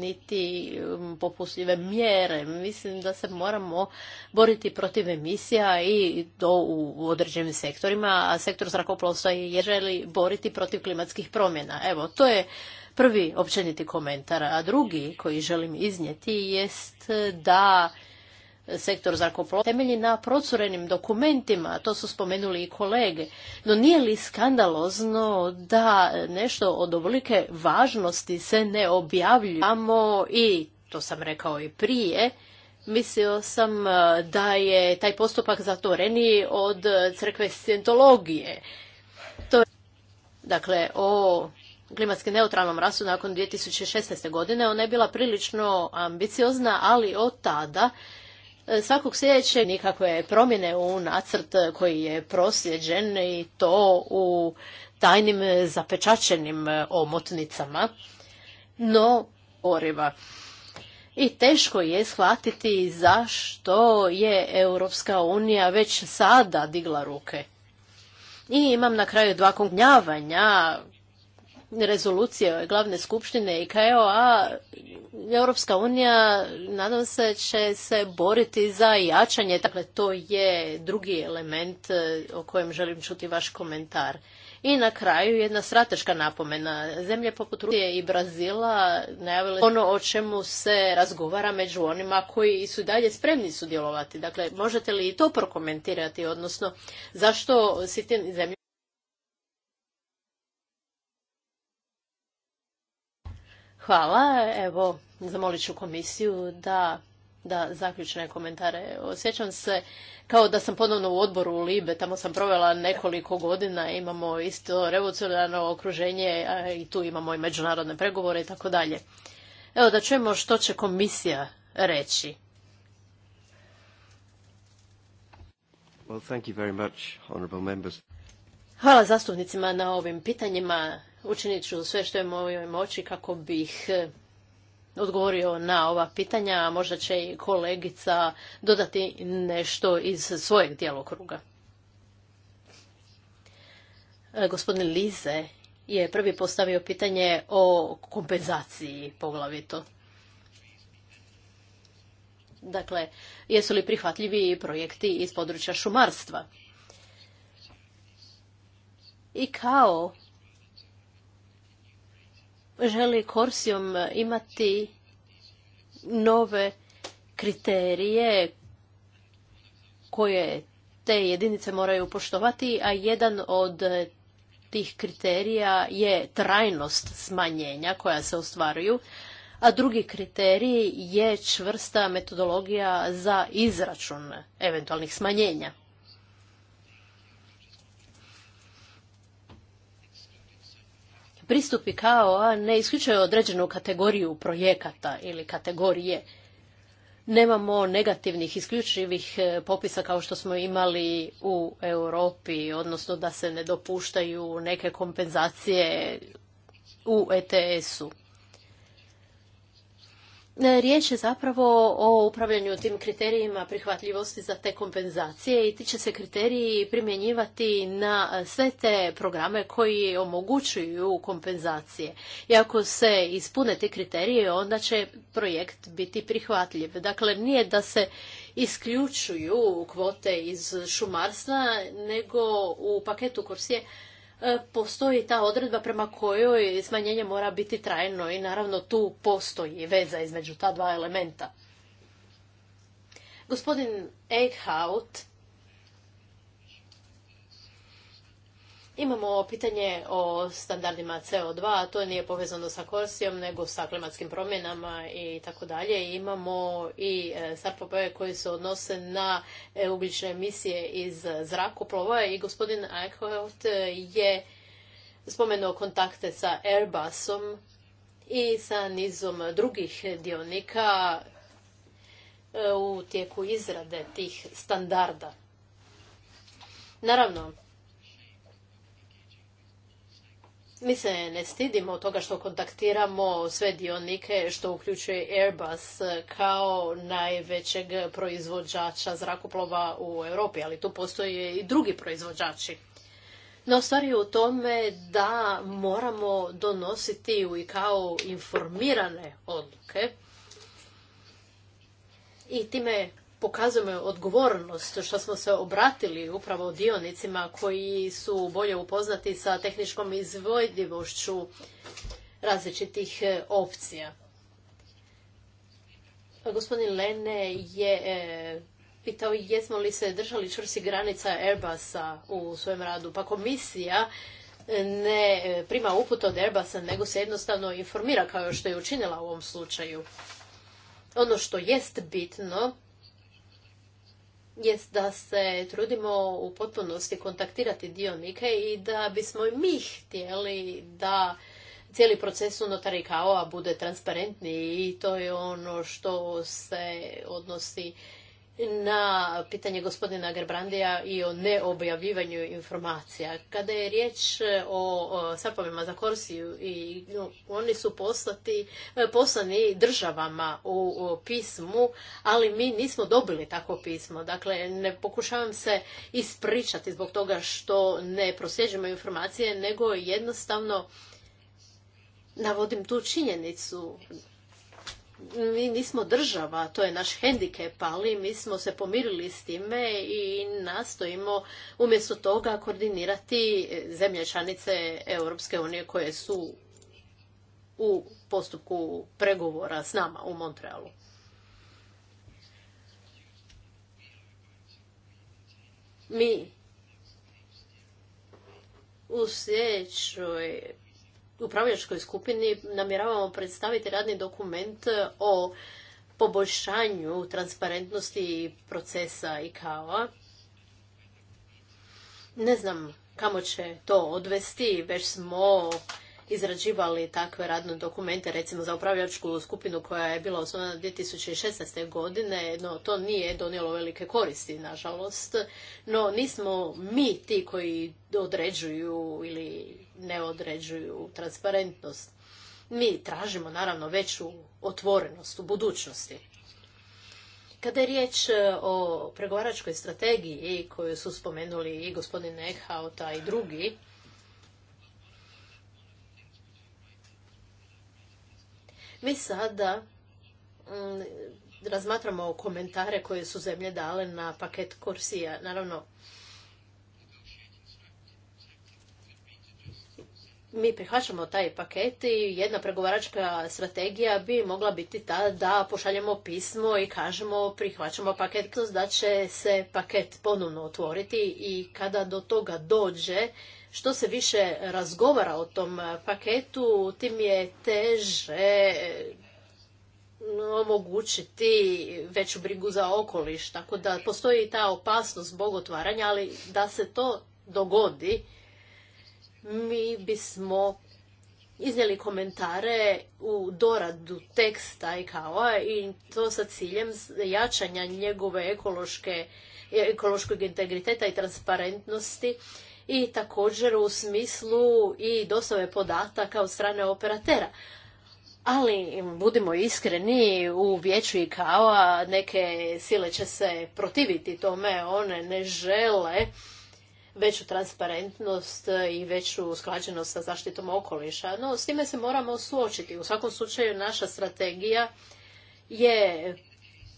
Speaker 1: niti um, popustljive mjere. Mislim da se moramo boriti protiv emisija i to u određenim sektorima, a sektor zrakoplovstva je želi boriti protiv klimatskih promjena. Evo, to je prvi općeniti komentar. A drugi koji želim iznijeti jest da sektor zrakoplova temelji na procurenim dokumentima, to su spomenuli i kolege. No nije li skandalozno da nešto od ovolike važnosti se ne objavljuje i to sam rekao i prije, mislio sam e, da je taj postupak zatvoreniji od crkve Scientologije. To dakle, o klimatski neutralnom rasu nakon 2016. godine. Ona je bila prilično ambiciozna, ali od tada E, svakog sljedećeg nikakve promjene u nacrt koji je prosljeđen i to u tajnim zapečačenim omotnicama, no oriva. I teško je shvatiti zašto je Europska unija već sada digla ruke. I imam na kraju dva kognjavanja rezolucije glavne skupštine i kao a Europska unija, nadam se, će se boriti za jačanje. Dakle, to je drugi element e, o kojem želim čuti vaš komentar. I na kraju jedna strateška napomena. Zemlje poput Rusije i Brazila najavile ono o čemu se razgovara među onima koji su dalje spremni sudjelovati. Dakle, možete li i to prokomentirati, odnosno zašto si zemlje Hvala. Evo, zamolit ću komisiju da, da zaključne komentare. Osjećam se kao da sam ponovno u odboru u Libe, tamo sam provela nekoliko godina, imamo isto revolucionarno okruženje i tu imamo i međunarodne pregovore i tako dalje. Evo da čujemo što će komisija reći.
Speaker 2: Well,
Speaker 1: Hvala zastupnicima na ovim pitanjima učinit ću sve što je mojoj moći kako bih e, odgovorio na ova pitanja, a možda će i kolegica dodati nešto iz svojeg djelokruga. E, gospodin Lize je prvi postavio pitanje o kompenzaciji poglavito. Dakle, jesu li prihvatljivi projekti iz područja šumarstva? I kao želi Korsijom imati nove kriterije koje te jedinice moraju poštovati, a jedan od tih kriterija je trajnost smanjenja koja se ostvaruju, a drugi kriterij je čvrsta metodologija za izračun eventualnih smanjenja. Pristupi kao a ne isključuje određenu kategoriju projekata ili kategorije. Nemamo negativnih isključivih e, popisa kao što smo imali u Europi, odnosno da se ne dopuštaju neke kompenzacije u ETS-u. E, riječ je zapravo o upravljanju tim kriterijima prihvatljivosti za te kompenzacije i ti će se kriteriji primjenjivati na sve te programe koji omogućuju kompenzacije. I ako se ispune ti kriterije, onda će projekt biti prihvatljiv. Dakle, nije da se isključuju kvote iz šumarstva, nego u paketu Korsije E, postoji ta odredba prema kojoj smanjenje mora biti trajno i naravno tu postoji veza između ta dva elementa. Gospodin Eichhout Imamo pitanje o standardima CO2, a to nije povezano sa korsijom, nego sa klimatskim promjenama i tako dalje. Imamo i e, sarpove koji se odnose na e, ugljične emisije iz zrakoplova i gospodin Eichhoff je spomenuo kontakte sa Airbusom i sa nizom drugih dionika e, u tijeku izrade tih standarda. Naravno, Mi se ne stidimo toga što kontaktiramo sve dionike, što uključuje Airbus kao najvećeg proizvođača zrakoplova u Europi, ali tu postoje i drugi proizvođači. No, stvar je u tome da moramo donositi i kao informirane odluke i time pokazujemo odgovornost što smo se obratili upravo dionicima koji su bolje upoznati sa tehničkom izvodljivošću različitih e, opcija. Gospodin Lene je e, pitao jesmo li se držali čvrsti granica Airbusa u svojem radu. Pa komisija e, ne prima uput od Airbusa, nego se jednostavno informira kao što je učinila u ovom slučaju. Ono što jest bitno jest da se trudimo u potpunosti kontaktirati dionike i da bismo mi htjeli da cijeli proces unutar icao bude transparentniji i to je ono što se odnosi na pitanje gospodina Gerbrandija i o neobjavljivanju informacija. Kada je riječ e, o sapovima za korsiju i oni su e, poslani državama u, pismu, ali mi nismo dobili takvo pismo. Dakle, ne pokušavam se ispričati zbog toga što ne prosljeđujemo informacije, nego jednostavno navodim tu činjenicu mi nismo država, to je naš hendikep, ali mi smo se pomirili s time i nastojimo umjesto toga koordinirati zemlje članice Europske unije koje su u postupku pregovora s nama u Montrealu. Mi u sljedećoj upravljačkoj skupini namjeravamo predstaviti radni dokument e, o poboljšanju transparentnosti procesa i kao. Ne znam kamo će to odvesti, već smo izrađivali takve radne dokumente, recimo za upravljačku skupinu koja je bila osnovana 2016. godine, no to nije donijelo velike koristi, nažalost. No nismo mi ti koji određuju ili ne određuju transparentnost. Mi tražimo naravno veću otvorenost u budućnosti. Kada je riječ e, o pregovaračkoj strategiji koju su spomenuli i gospodin Nehauta i drugi, Mi sada mm, razmatramo komentare koje su zemlje dale na paket Korsija. Naravno, mi prihvaćamo taj paket i jedna pregovaračka strategija bi mogla biti ta da pošaljemo pismo i kažemo prihvaćamo paket, to znači da će se paket ponovno otvoriti i kada do toga dođe, što se više razgovara o tom eh, paketu, tim je teže eh, omogućiti veću brigu za okoliš. Tako da postoji ta opasnost zbog otvaranja, ali da se to dogodi, mi bismo iznijeli komentare u doradu teksta i kao i to sa ciljem jačanja njegove ekološke ekološkog integriteta i transparentnosti i također u smislu i dostave podataka od strane operatera. Ali, budimo iskreni, u vijeću i kao neke sile će se protiviti tome, one ne žele veću transparentnost i veću usklađenost sa zaštitom okoliša. No, s time se moramo suočiti. U svakom slučaju, naša strategija je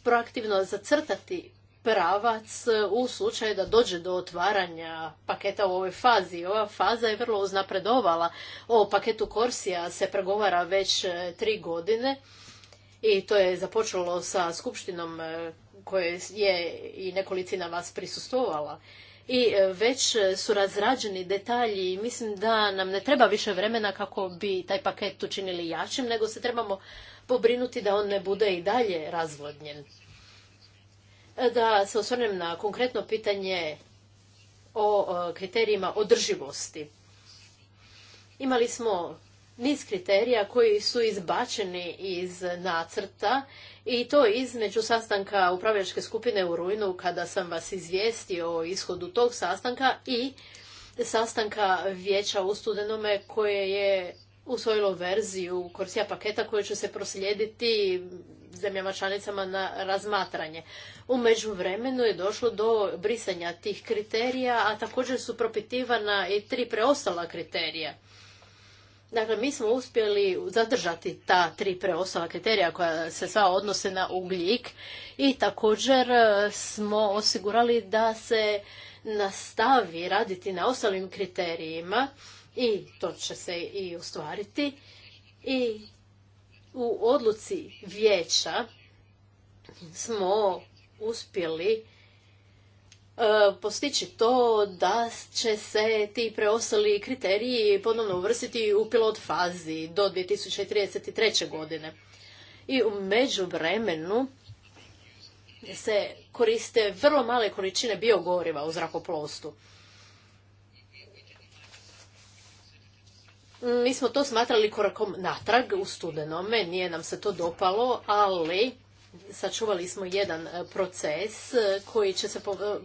Speaker 1: proaktivno zacrtati pravac e, u slučaju da dođe do otvaranja paketa u ovoj fazi. Ova faza je vrlo uznapredovala. O paketu Korsija se pregovara već e, tri godine i to je započelo sa skupštinom e, koje je i nekolicina vas prisustovala. I već su razrađeni detalji i mislim da nam ne treba više vremena kako bi taj paket učinili jačim, nego se trebamo pobrinuti da on ne bude i dalje razvodnjen. E, da se osvrnem na konkretno pitanje o e, kriterijima održivosti. Imali smo niz kriterija koji su izbačeni iz nacrta i to između sastanka upravljačke skupine u Rujnu kada sam vas izvijestio o ishodu tog sastanka i sastanka vijeća u studenome koje je usvojilo verziju korsija paketa koje će se proslijediti zemljama članicama na razmatranje. U međuvremenu je došlo do brisanja tih kriterija, a također su propitivana i tri preostala kriterija. Dakle, mi smo uspjeli zadržati ta tri preostala kriterija koja se sva odnose na ugljik i također e, smo osigurali da se nastavi raditi na ostalim kriterijima i to će se i ostvariti. I u odluci vijeća smo uspjeli e, postići to da će se ti preostali kriteriji ponovno uvrstiti u pilot fazi do 2033. godine. I u međuvremenu se koriste vrlo male količine biogoriva u zrakoplostu. Mm, mi smo to smatrali korakom natrag u studenome, nije nam se to dopalo, ali sačuvali smo jedan e, proces e, koji će se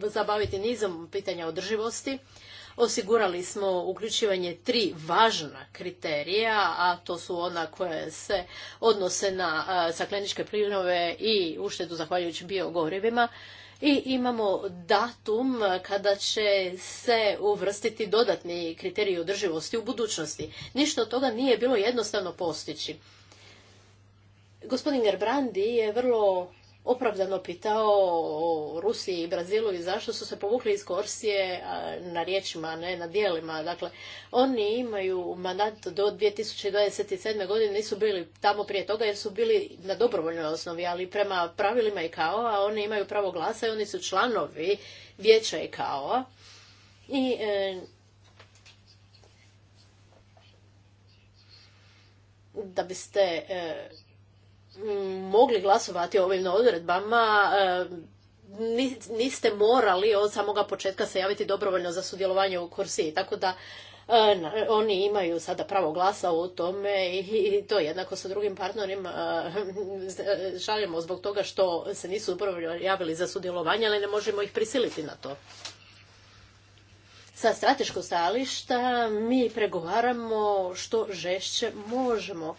Speaker 1: e, zabaviti nizom pitanja održivosti. Osigurali smo uključivanje tri važna kriterija, a to su ona koje se odnose na sakleničke plinove i uštedu zahvaljujući biogorivima i imamo datum kada će se uvrstiti dodatni kriteriji održivosti u budućnosti. Ništa od toga nije bilo jednostavno postići. Gospodin Gerbrandi je vrlo opravdano pitao o Rusiji i Brazilu i zašto su se povukli iz Korsije na riječima, ne na dijelima. Dakle, oni imaju mandat do 2027. godine, nisu bili tamo prije toga jer su bili na dobrovoljnoj osnovi, ali prema pravilima i kao, a oni imaju pravo glasa i oni su članovi vijeća i kao. E, I da biste e, mogli glasovati o ovim odredbama, e, niste morali od samoga početka se javiti dobrovoljno za sudjelovanje u kursiji. Tako da e, oni imaju sada pravo glasa u tome i to jednako sa drugim partnerima e, šaljemo zbog toga što se nisu dobrovoljno javili za sudjelovanje, ali ne možemo ih prisiliti na to. Sa strateškog stajališta mi pregovaramo što žešće možemo.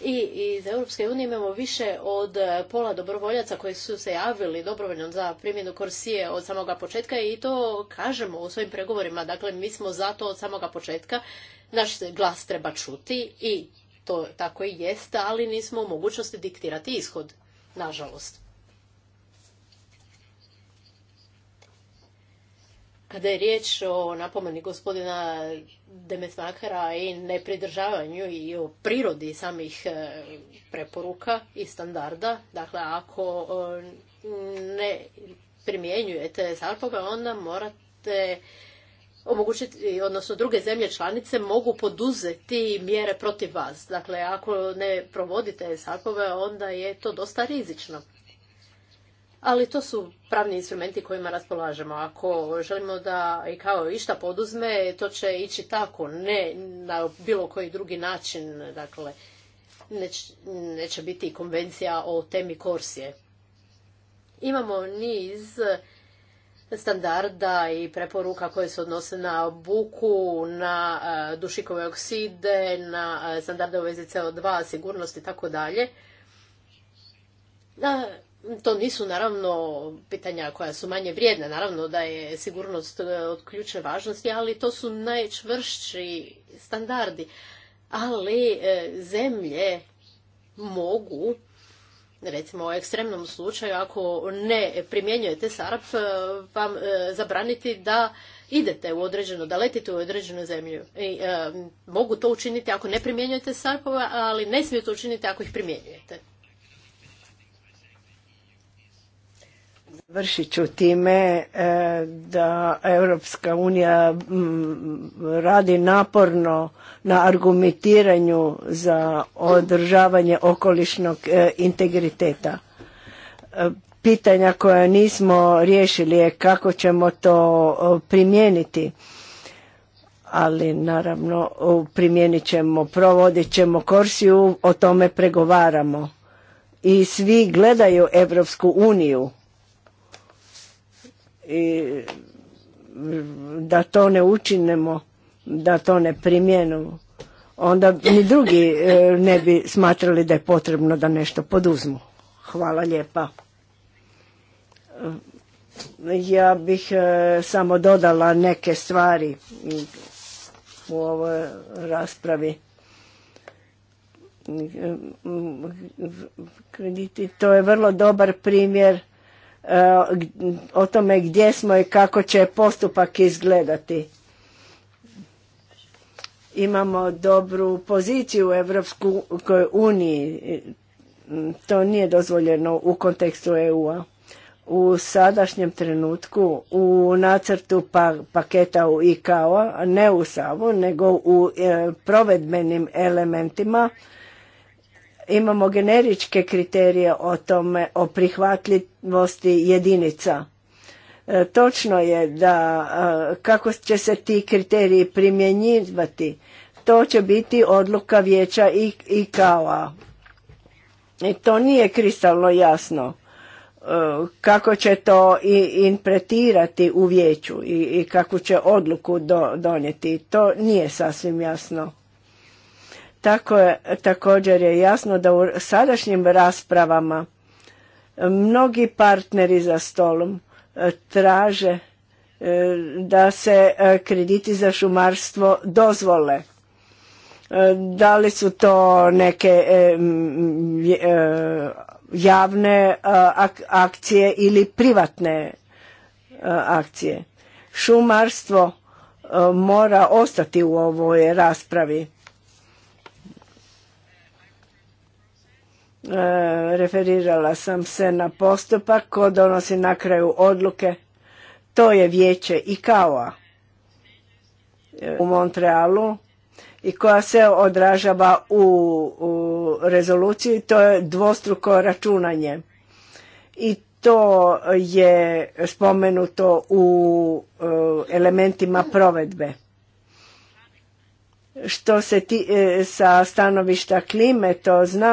Speaker 1: I iz Europske unije imamo više od pola dobrovoljaca koji su se javili dobrovoljno za primjenu korsije od samoga početka i to kažemo u svojim pregovorima. Dakle, mi smo za to od samoga početka. Naš glas treba čuti i to tako i jest, ali nismo u mogućnosti diktirati ishod, nažalost. Kada je riječ o napomeni gospodina demetmakara i nepridržavanju i o prirodi samih e, preporuka i standarda. Dakle, ako e, ne primjenjujete zarpove, onda morate omogućiti, odnosno druge zemlje članice mogu poduzeti mjere protiv vas. Dakle, ako ne provodite salpove, onda je to dosta rizično ali to su pravni instrumenti kojima raspolažemo. Ako želimo da i kao išta poduzme, to će ići tako, ne na bilo koji drugi način. Dakle, neće, biti konvencija o temi korsije. Imamo niz standarda i preporuka koje se odnose na buku, na e, dušikove okside, na e, standarde u vezi CO2, sigurnost i tako dalje to nisu naravno pitanja koja su manje vrijedna, naravno da je sigurnost e, od ključne važnosti, ali to su najčvršći standardi. Ali e, zemlje mogu, recimo u ekstremnom slučaju, ako ne primjenjujete SARP, e, vam zabraniti da idete u određeno, da letite u određenu zemlju. I, mogu to učiniti ako ne primjenjujete SARP, ali ne smiju to učiniti ako ih primjenjujete.
Speaker 2: Vršit ću time e, da Europska unija radi naporno na argumentiranju za održavanje okolišnog e, integriteta. E, pitanja koja nismo riješili je kako ćemo to primijeniti ali naravno primijenit ćemo, provodit ćemo korsiju, o tome pregovaramo. I svi gledaju Evropsku uniju i da to ne učinemo, da to ne primjenimo onda ni drugi e, ne bi smatrali da je potrebno da nešto poduzmu. Hvala lijepa. Ja bih e, samo dodala neke stvari u ovoj raspravi krediti. To je vrlo dobar primjer o tome gdje smo i kako će postupak izgledati. Imamo dobru poziciju u EU, uniji. To nije dozvoljeno u kontekstu EU-a. U sadašnjem trenutku u nacrtu pa, paketa u IKO-a, ne u Savu, nego u e, provedbenim elementima, imamo generičke kriterije o tome, o prihvatljivosti jedinica. E, točno je da e, kako će se ti kriteriji primjenjivati, to će biti odluka vijeća i, kao. I to nije kristalno jasno e, kako će to i interpretirati u vijeću i, kako će odluku donijeti. To nije sasvim jasno. Tako je, također je jasno da u sadašnjim raspravama e, mnogi partneri za stolom e, traže e, da se krediti za šumarstvo dozvole. Da li su to neke javne akcije ili privatne akcije. Šumarstvo mora ostati u ovoj raspravi E, referirala sam se na postupak ko donosi na kraju odluke. To je vijeće i kao e, u Montrealu i koja se odražava u, u rezoluciji. To je dvostruko računanje. I to je spomenuto u e, elementima provedbe. Što se ti, sa stanovišta klime, to znam.